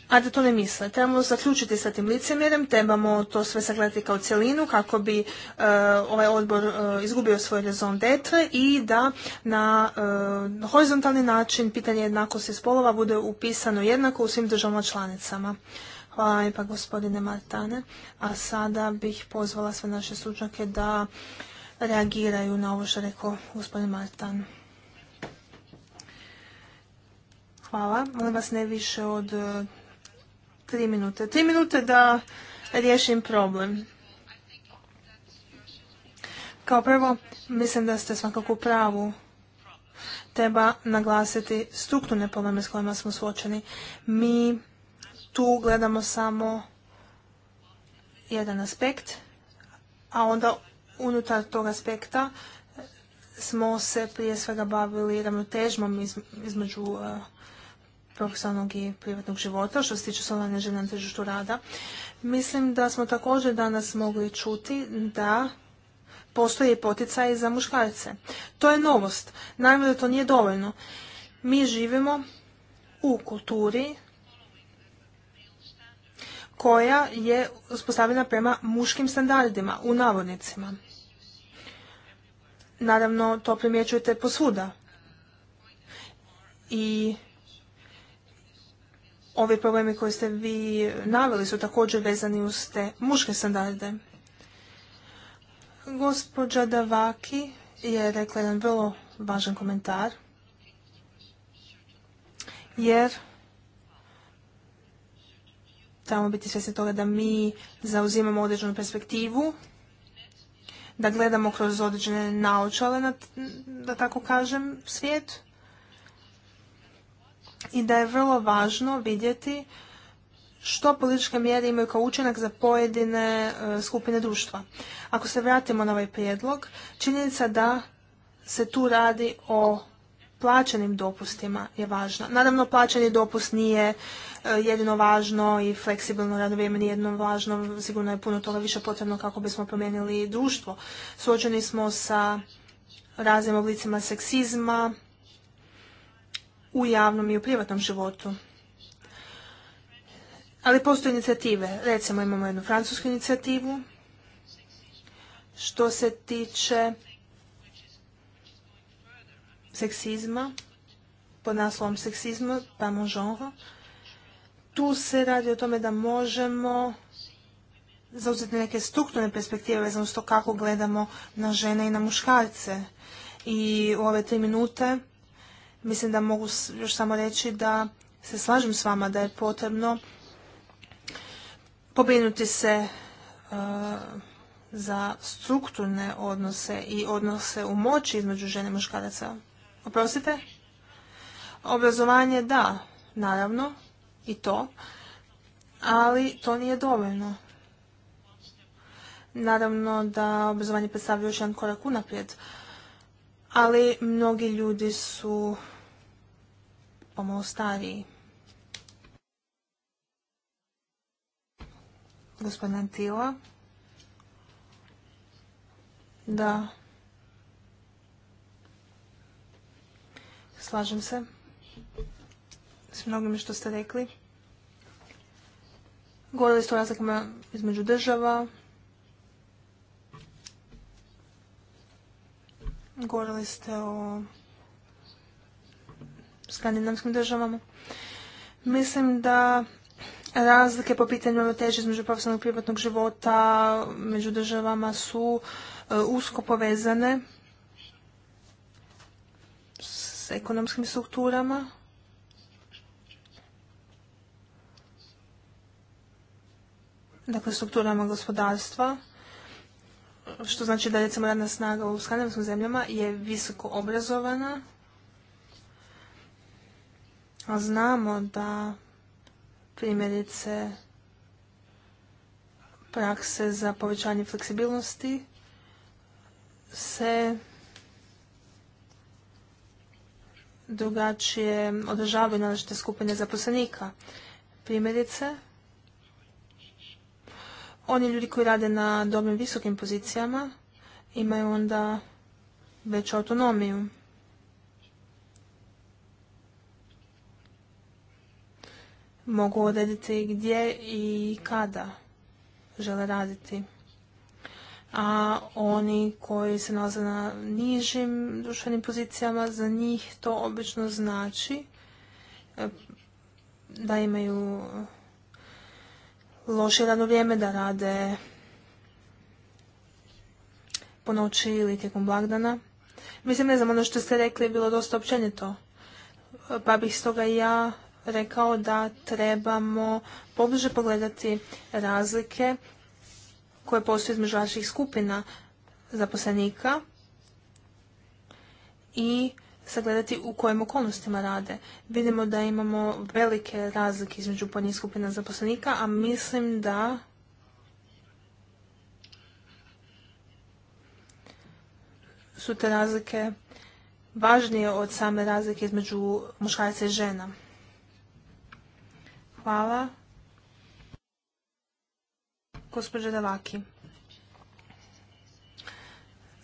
a da to ne misle. Trebamo zaključiti sa tim licemjerem, trebamo to sve sagledati kao cjelinu kako bi e, ovaj odbor e, izgubio svoj rezon detre i da e, na horizontalni način pitanje jednakosti spolova bude upisano jednako u svim državama članicama. Hvala pa gospodine Martane. A sada bih pozvala sve naše stručnjake da reagiraju na ovo što rekao gospodin Martan. Hvala. Molim vas ne više od Tri minute. Tri minute da riješim problem. Kao prvo, mislim da ste svakako u pravu. Treba naglasiti strukturne probleme s kojima smo suočeni. Mi tu gledamo samo jedan aspekt, a onda unutar tog aspekta smo se prije svega bavili ravnotežmom između eh, profesionalnog i privatnog života što se tiče slobodne žene na tržištu rada. Mislim da smo također danas mogli čuti da postoje poticaji za muškarce. To je novost. Naravno da to nije dovoljno. Mi živimo u kulturi koja je uspostavljena prema muškim standardima u navodnicima. Naravno, to primjećujete posvuda. I Ovi problemi koje ste vi naveli su također vezani uz te muške standarde. Gospođa Davaki je rekla jedan vrlo važan komentar, jer trebamo biti svjesni toga da mi zauzimamo određenu perspektivu, da gledamo kroz određene naočale, na, da tako kažem, svijet i da je vrlo važno vidjeti što političke mjere imaju kao učinak za pojedine e, skupine društva. Ako se vratimo na ovaj prijedlog, činjenica da se tu radi o plaćenim dopustima je važna. Naravno, plaćeni dopust nije e, jedino važno i fleksibilno radno vrijeme nije jedino važno, sigurno je puno toga više potrebno kako bismo promijenili društvo. Suočeni smo sa raznim oblicima seksizma, u javnom i u privatnom životu. Ali postoje inicijative. Recimo imamo jednu francusku inicijativu što se tiče seksizma, pod naslovom seksizma, pa mon genre. Tu se radi o tome da možemo zauzeti neke strukturne perspektive vezano s to kako gledamo na žene i na muškarce. I u ove tri minute Mislim da mogu još samo reći da se slažem s vama da je potrebno pobrinuti se e, za strukturne odnose i odnose u moći između žene i muškaraca. Oprostite? Obrazovanje da, naravno, i to, ali to nije dovoljno. Naravno da obrazovanje predstavlja još jedan korak unaprijed, ali mnogi ljudi su pomalo stariji. Gospodin Antila. Da. Slažem se s mnogim što ste rekli. Govorili ste o razlikama između država. Govorili ste o skandinavskim državama. Mislim da razlike po pitanju ravnoteže između profesionalnog i privatnog života među državama su e, usko povezane s ekonomskim strukturama. Dakle, strukturama gospodarstva, što znači da recimo radna snaga u skandinavskim zemljama je visoko obrazovana, a znamo da primjerice prakse za povećanje fleksibilnosti se drugačije održavaju različite skupine zaposlenika. Primjerice, oni ljudi koji rade na dobrim visokim pozicijama imaju onda veću autonomiju. mogu odrediti gdje i kada žele raditi. A oni koji se nalaze na nižim društvenim pozicijama, za njih to obično znači e, da imaju loše radno vrijeme, da rade po noći ili tijekom blagdana. Mislim, ne znam, ono što ste rekli je bilo dosta općenito, pa bih stoga ja rekao da trebamo pobliže pogledati razlike koje postoje između vaših skupina zaposlenika i sagledati u kojim okolnostima rade. Vidimo da imamo velike razlike između podnijih skupina zaposlenika, a mislim da su te razlike važnije od same razlike između muškaraca i žena. Hvala. Gospođa Davaki.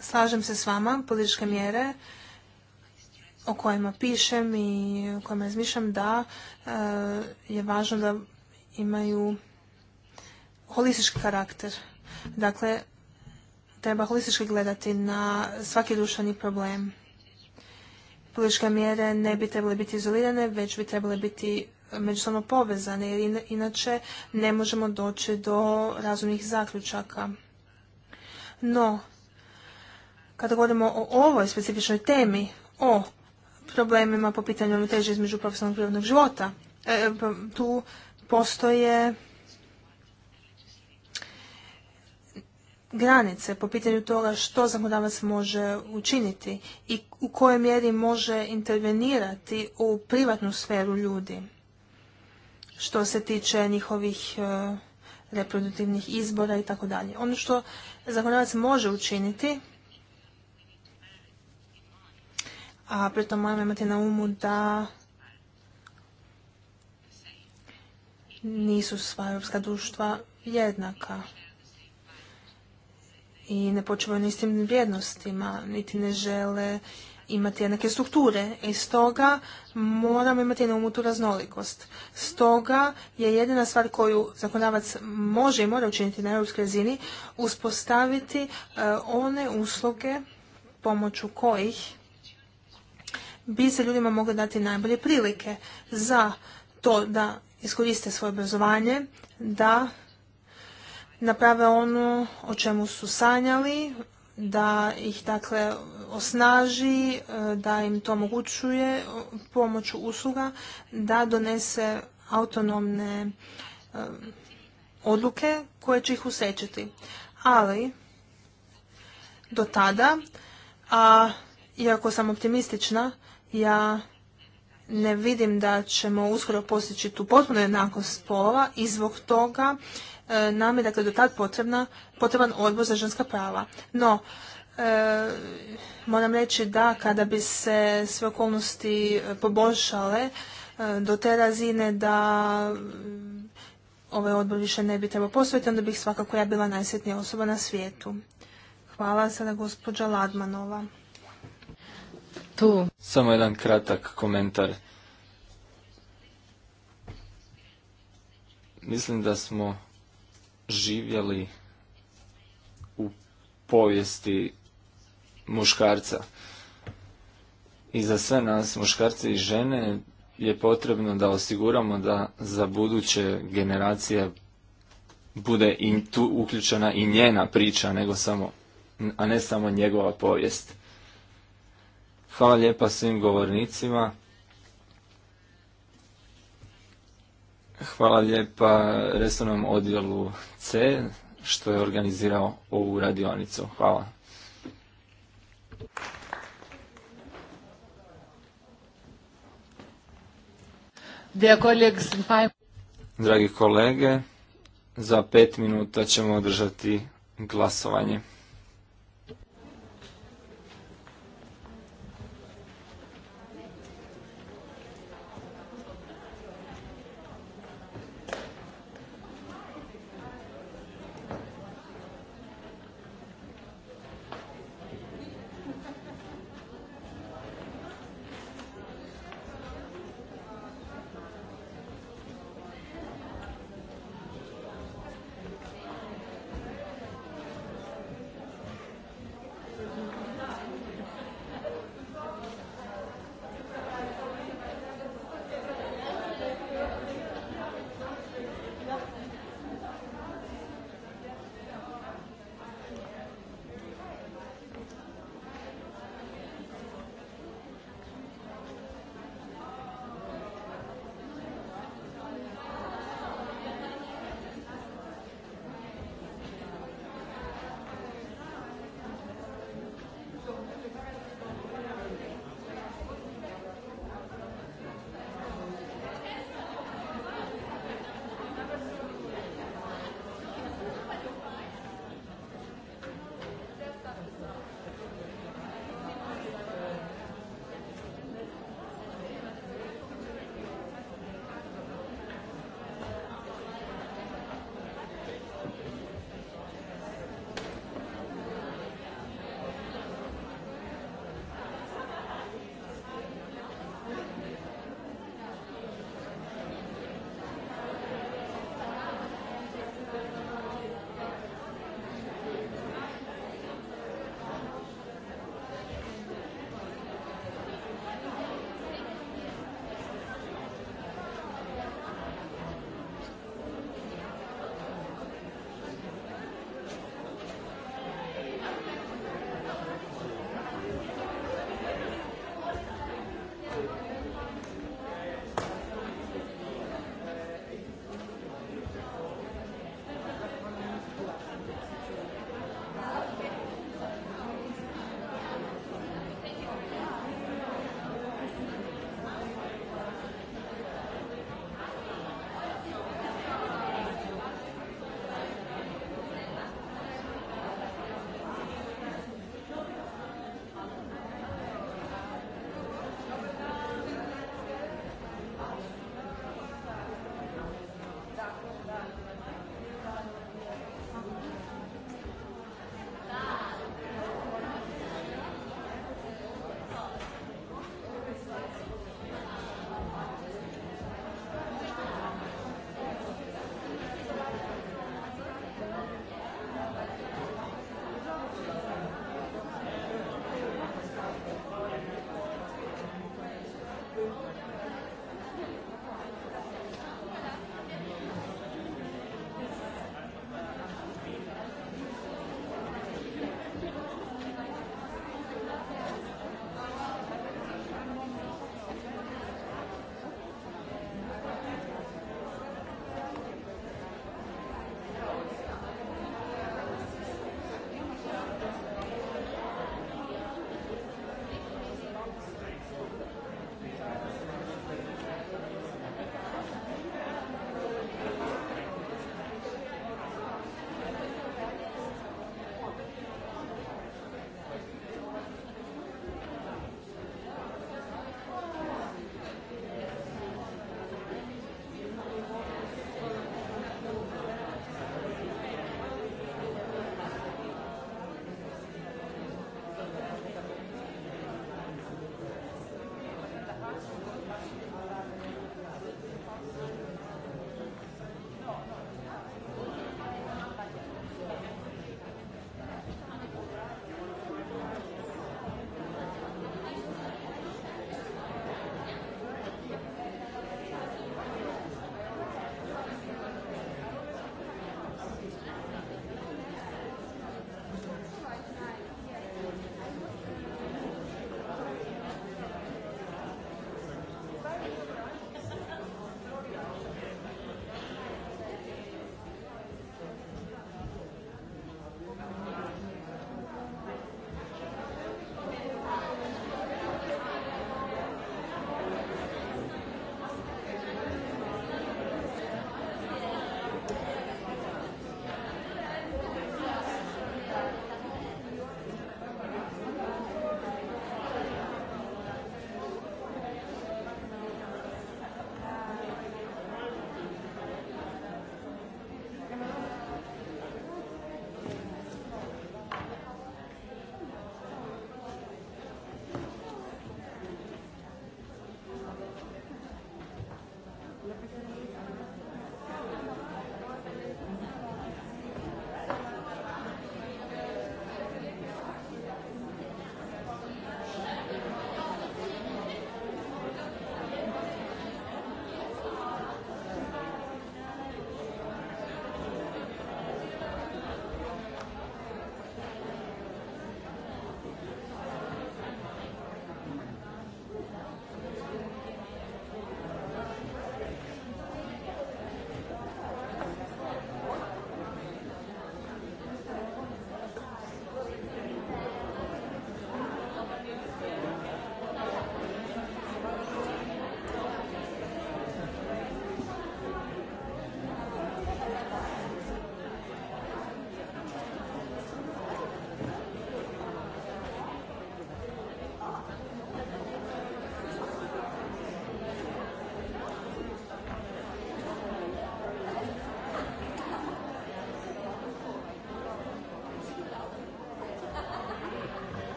Slažem se s vama, političke mjere o kojima pišem i o kojima razmišljam da e, je važno da imaju holistički karakter. Dakle, treba holistički gledati na svaki dušani problem. Političke mjere ne bi trebale biti izolirane, već bi trebale biti međusobno povezane jer inače ne možemo doći do razumnih zaključaka. No, kada govorimo o ovoj specifičnoj temi, o problemima po pitanju teže između profesionalnog i prirodnog života, e, tu postoje granice po pitanju toga što zakonodavac može učiniti i u kojoj mjeri može intervenirati u privatnu sferu ljudi što se tiče njihovih e, reproduktivnih izbora i tako dalje. Ono što zakonodavac može učiniti, a pritom moramo imati na umu da nisu sva europska društva jednaka i ne ni s tim vrijednostima, niti ne žele imati jednake strukture i stoga moramo imati na umu tu raznolikost. Stoga je jedina stvar koju zakonavac može i mora učiniti na europskoj razini uspostaviti e, one usluge pomoću kojih bi se ljudima mogle dati najbolje prilike za to da iskoriste svoje obrazovanje, da naprave ono o čemu su sanjali, da ih dakle osnaži, e, da im to omogućuje pomoću usluga, da donese autonomne e, odluke koje će ih usečiti. Ali, do tada, a iako sam optimistična, ja ne vidim da ćemo uskoro postići tu potpunu jednakost spolova i zbog toga E, nam je dakle do tad potrebna, potreban odbor za ženska prava. No, E, moram reći da kada bi se sve okolnosti e, poboljšale e, do te razine da ovaj odbor više ne bi trebao postojati, onda bih svakako ja bila najsretnija osoba na svijetu. Hvala sada gospođa Ladmanova. Tu. Samo jedan kratak komentar. Mislim da smo živjeli u povijesti muškarca. I za sve nas, muškarce i žene, je potrebno da osiguramo da za buduće generacije bude i tu uključena i njena priča, nego samo, a ne samo njegova povijest. Hvala lijepa svim govornicima. Hvala lijepa resornom odjelu C što je organizirao ovu radionicu. Hvala. Dragi kolege, za pet minuta ćemo održati glasovanje.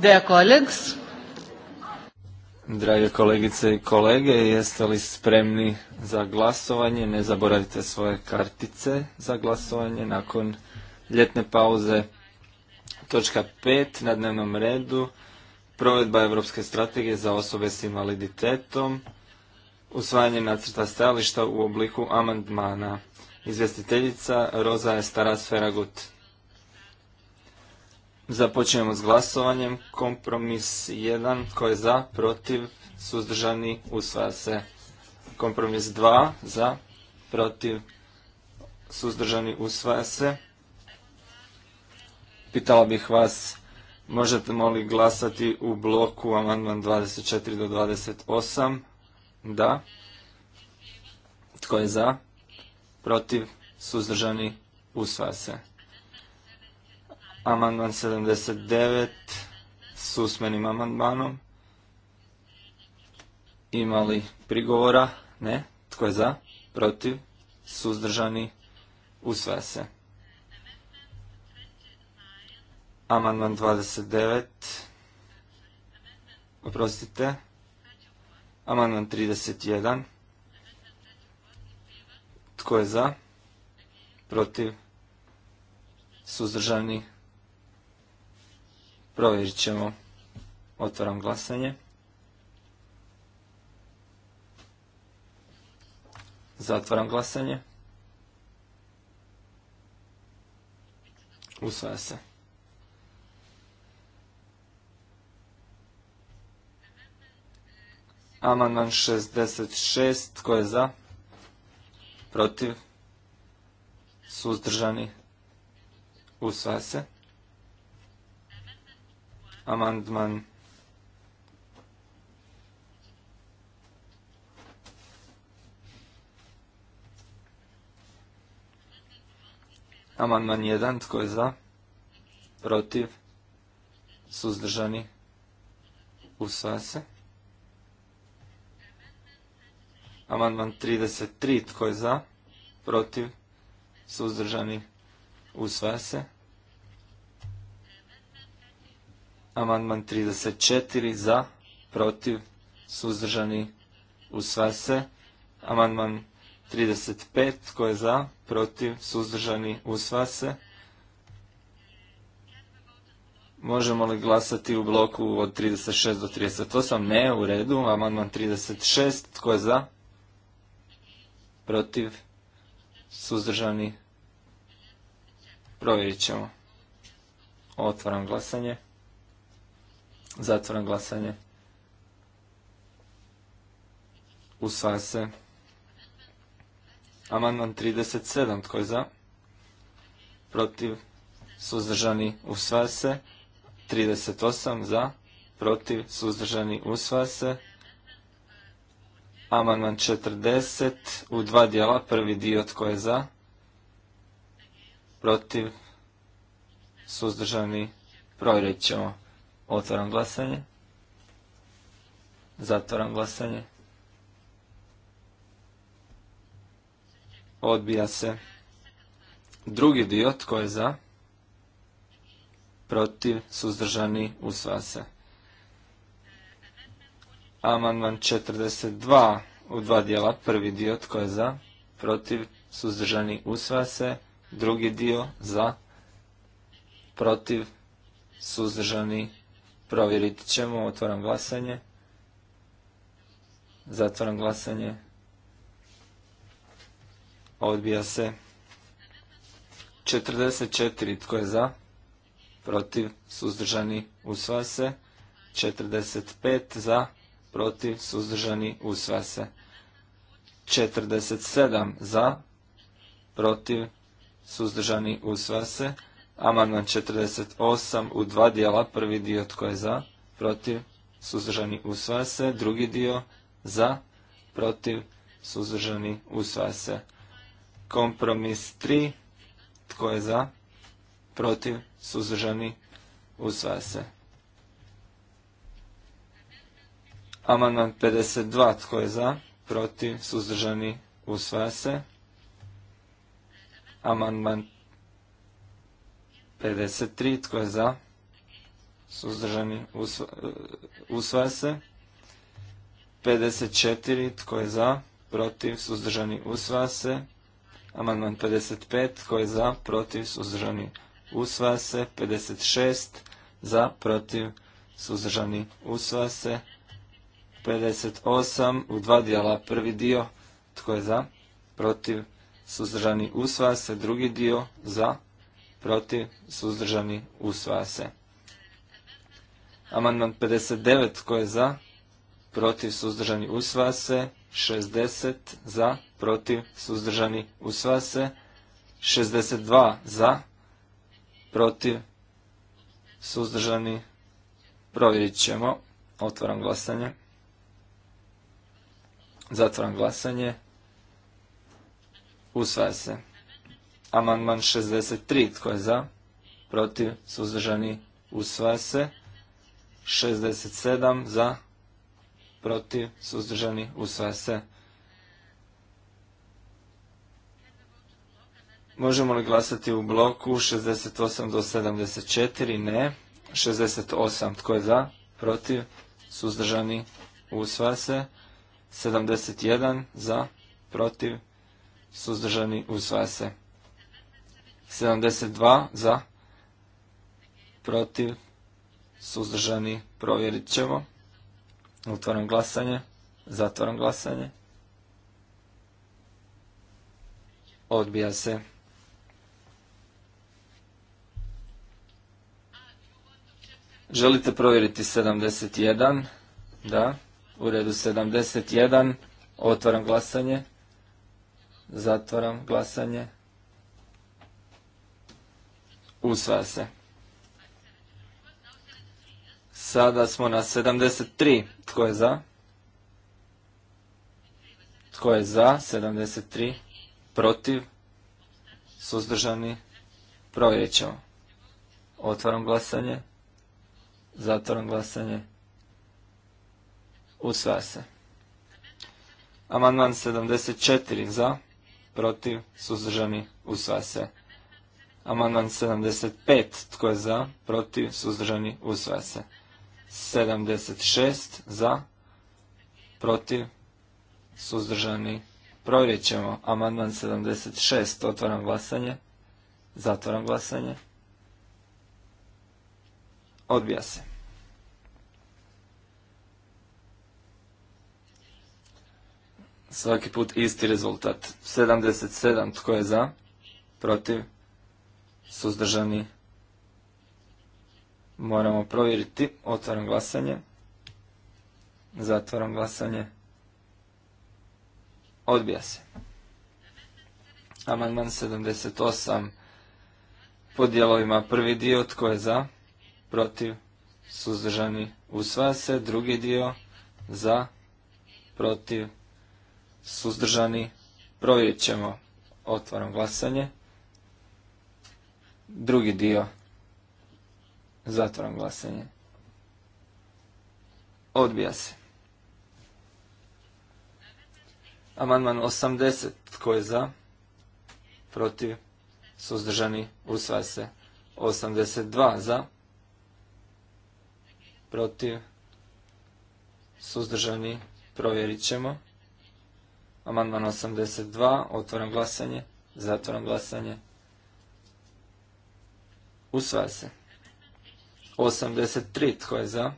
Dear Drage kolegice i kolege, jeste li spremni za glasovanje? Ne zaboravite svoje kartice za glasovanje nakon ljetne pauze. Točka 5 na dnevnom redu. Provedba Europske strategije za osobe s invaliditetom. Usvajanje nacrta stajališta u obliku amandmana. Izvjestiteljica Roza Estaras Feragut. Započinjemo s glasovanjem. Kompromis 1. Tko je za? Protiv? Suzdržani? Usvaja se. Kompromis 2. Za? Protiv? Suzdržani? Usvaja se. Pitala bih vas, možete li glasati u bloku amandman 24 do 28? Da. Tko je za? Protiv? Suzdržani? Usvaja se. Amandman 79 s usmenim amandmanom. Imali prigovora? Ne. Tko je za? Protiv? Suzdržani? Usvaja se. Amandman 29. Oprostite. Amandman 31. Tko je za? Protiv? Suzdržani? Provjerit ćemo. Otvaram glasanje. Zatvaram glasanje. Usvaja se. Amandman 66. Tko je za? Protiv? Suzdržani? Usvaja se. Amandman 1. Amandman Tko je za? Protiv? Suzdržani? Usvaja se. Amandman 33. Tko je za? Protiv? Suzdržani? Usvaja se. Amandman 34 za, protiv, suzdržani, usvaja se. Amandman 35 tko je za, protiv, suzdržani, usvaja se. Možemo li glasati u bloku od 36 do 38? Ne, u redu. Amandman 36. Tko je za? Protiv? Suzdržani? Provjerit ćemo. Otvaram glasanje. Zatvoram glasanje. Usvaja se. Amandman 37. Tko je za? Protiv. Suzdržani. Usvaja se. 38. Za. Protiv. Suzdržani. Usvaja se. Amandman 40. U dva dijela. Prvi dio. Tko je za? Protiv. Suzdržani. Provjerit ćemo. Otvaram glasanje. Zatvaram glasanje. Odbija se. Drugi dio, tko je za? Protiv, suzdržani, usvase. se. Amandman 42 u dva dijela. Prvi dio, tko je za? Protiv, suzdržani, usvase. se. Drugi dio, za? Protiv, suzdržani, Provjerit ćemo, otvaram glasanje. Zatvaram glasanje. Odbija se. 44. Tko je za? Protiv. Suzdržani. usvaja se. 45. Za. Protiv. Suzdržani. usvaja se. 47. Za. Protiv. Suzdržani. usvaja se. Amandman 48 u dva dijela. Prvi dio tko je za, protiv, suzdržani, usvaja se. Drugi dio za, protiv, suzdržani, usvaja se. Kompromis 3. Tko je za, protiv, suzdržani, usvaja se. Amandman 52. Tko je za, protiv, suzdržani, usvaja se. Amandman 53. Tko je za? Suzdržani e, usvaja se. 54. Tko je za? Protiv. Suzdržani usvaja se. Amandman 55. Tko je za? Protiv. Suzdržani usvaja se. 56. Za. Protiv. Suzdržani usvaja se. 58. U dva dijela prvi dio. Tko je za? Protiv. Suzdržani usvaja se. Drugi dio. Za protiv, suzdržani, usvaja se. Amandman 59, tko je za, protiv, suzdržani, usvaja se. 60 za, protiv, suzdržani, usvaja se. 62 za, protiv, suzdržani, provjerit ćemo. Otvaram glasanje. Zatvaram glasanje. Usvaja se. Amandman 63. Tko je za? Protiv? Suzdržani? Usvaja se. 67. Za? Protiv? Suzdržani? Usvaja se. Možemo li glasati u bloku 68 do 74? Ne. 68. Tko je za? Protiv? Suzdržani? Usvaja se. 71. Za? Protiv? Suzdržani? Usvaja se. 72 za, protiv, suzdržani, provjerit ćemo. Otvaram glasanje, zatvaram glasanje. Odbija se. Želite provjeriti 71? Da. U redu 71. Otvaram glasanje. Zatvaram glasanje. Usvaja se. Sada smo na 73. Tko je za? Tko je za? 73. Protiv? Suzdržani? Provjerit ćemo. Otvaram glasanje. Zatvaram glasanje. Usvaja se. Amandman 74 za, protiv, suzdržani, usvaja se. Amandman 75. Tko je za? Protiv? Suzdržani? Usvaja se. 76. Za? Protiv? Suzdržani? Provjerit ćemo. Amandman 76. Otvaram glasanje. Zatvaram glasanje. Odbija se. Svaki put isti rezultat. 77. Tko je za? Protiv? suzdržani, moramo provjeriti, otvaram glasanje, zatvaram glasanje, odbija se. Amandman 78 po dijelovima prvi dio, tko je za, protiv, suzdržani, usvaja se, drugi dio, za, protiv, suzdržani, provjerit ćemo, otvaram glasanje. Drugi dio. Zatvoram glasanje. Odbija se. Amandman 80. Tko je za? Protiv? Suzdržani? Usvaja se. 82. Za? Protiv? Suzdržani? Provjerit ćemo. Amandman 82. Otvoram glasanje. Zatvoram glasanje. Usvaja se. 83. Tko je za?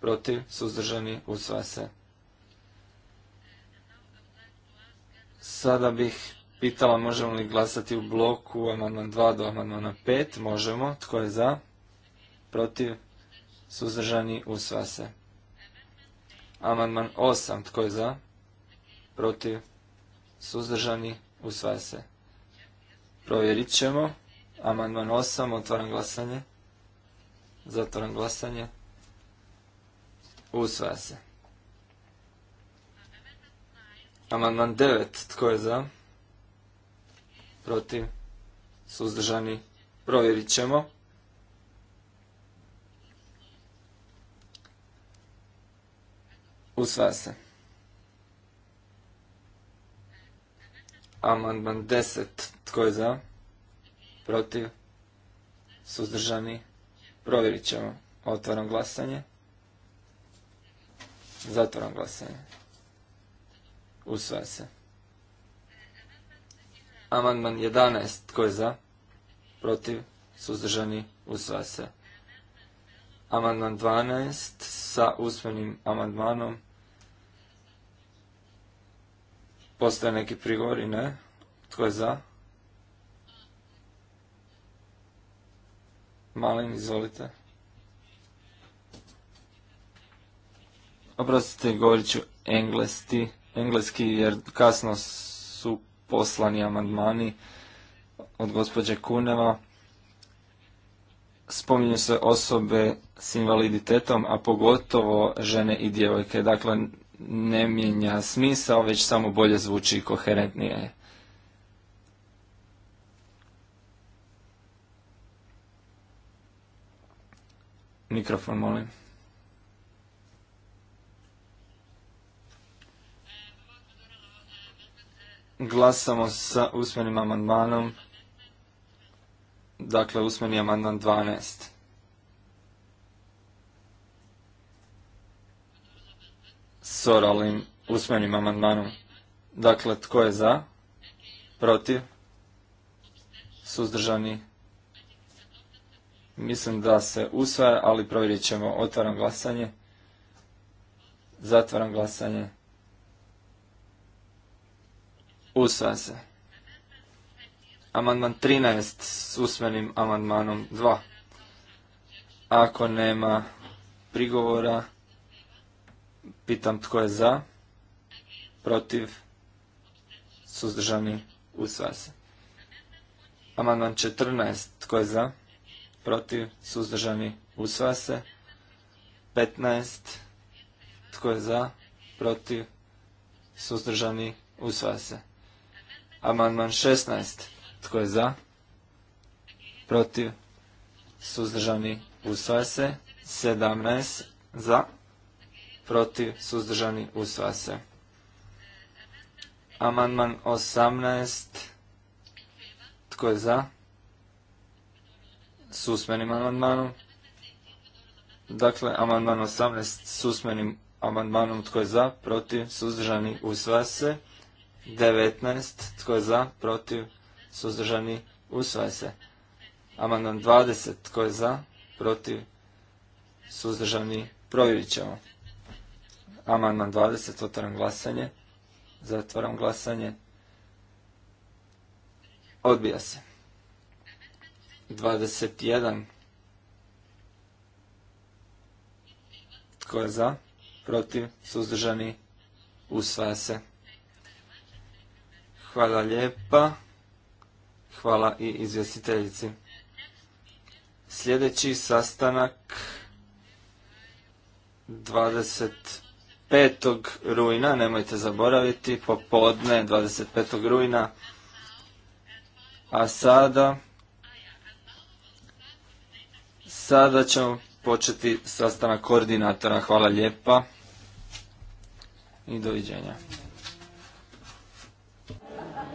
Protiv? Suzdržani? Usvaja se. Sada bih pitala možemo li glasati u bloku amandman 2 do amandmana 5. Možemo. Tko je za? Protiv? Suzdržani? Usvaja se. Amandman 8. Tko je za? Protiv? Suzdržani? Usvaja se. Provjerit ćemo. Amandman 8, otvaram glasanje. Zatvoram glasanje. Usvaja se. Amandman 9, tko je za? Protiv? Suzdržani? Provjerit ćemo. Usvaja se. Amandman 10, tko je za? protiv, suzdržani, provjerit ćemo. Otvaram glasanje. Zatvaram glasanje. Usvaja se. Amandman 11. Tko je za? Protiv, suzdržani, usvaja se. Amandman 12 sa usmenim amandmanom. Postoje neki prigovori, ne? Tko je za? Malin, izvolite. Oprostite, govorit ću engleski, jer kasno su poslani amandmani od gospođe Kuneva. Spominju se osobe s invaliditetom, a pogotovo žene i djevojke. Dakle, ne mijenja smisao, već samo bolje zvuči i koherentnije Mikrofon, molim. Glasamo sa usmenim amandmanom. Dakle, usmeni amandman 12. S Oralim usmenim amandmanom. Dakle, tko je za? Protiv? Suzdržani? Mislim da se usvaja, ali provjerit ćemo. Otvaram glasanje. Zatvaram glasanje. Usvaja se. Amandman 13 s usmenim amandmanom 2. Ako nema prigovora, pitam tko je za, protiv, suzdržani, usvaja se. Amandman 14, tko je za? protiv, suzdržani, usva se. 15, tko je za, protiv, suzdržani, usva se. Amandman 16, tko je za, protiv, suzdržani, usva se. 17, za, protiv, suzdržani, usva se. Amandman 18, tko je za, s usmenim amandmanom. Dakle, amandman 18 s usmenim amandmanom tko je za, protiv, suzdržani, usvaja se. 19 tko je za, protiv, suzdržani, usvaja se. Amandman 20 tko je za, protiv, suzdržani, provjerit ćemo. Amandman 20, otvaram glasanje. Zatvaram glasanje. Odbija se. 21. Tko je za? Protiv? Suzdržani? Usvaja se. Hvala lijepa. Hvala i izvjestiteljici. Sljedeći sastanak 25. rujna, nemojte zaboraviti, popodne 25. rujna. A sada Sada ćemo početi sastanak koordinatora. Hvala lijepa i doviđenja.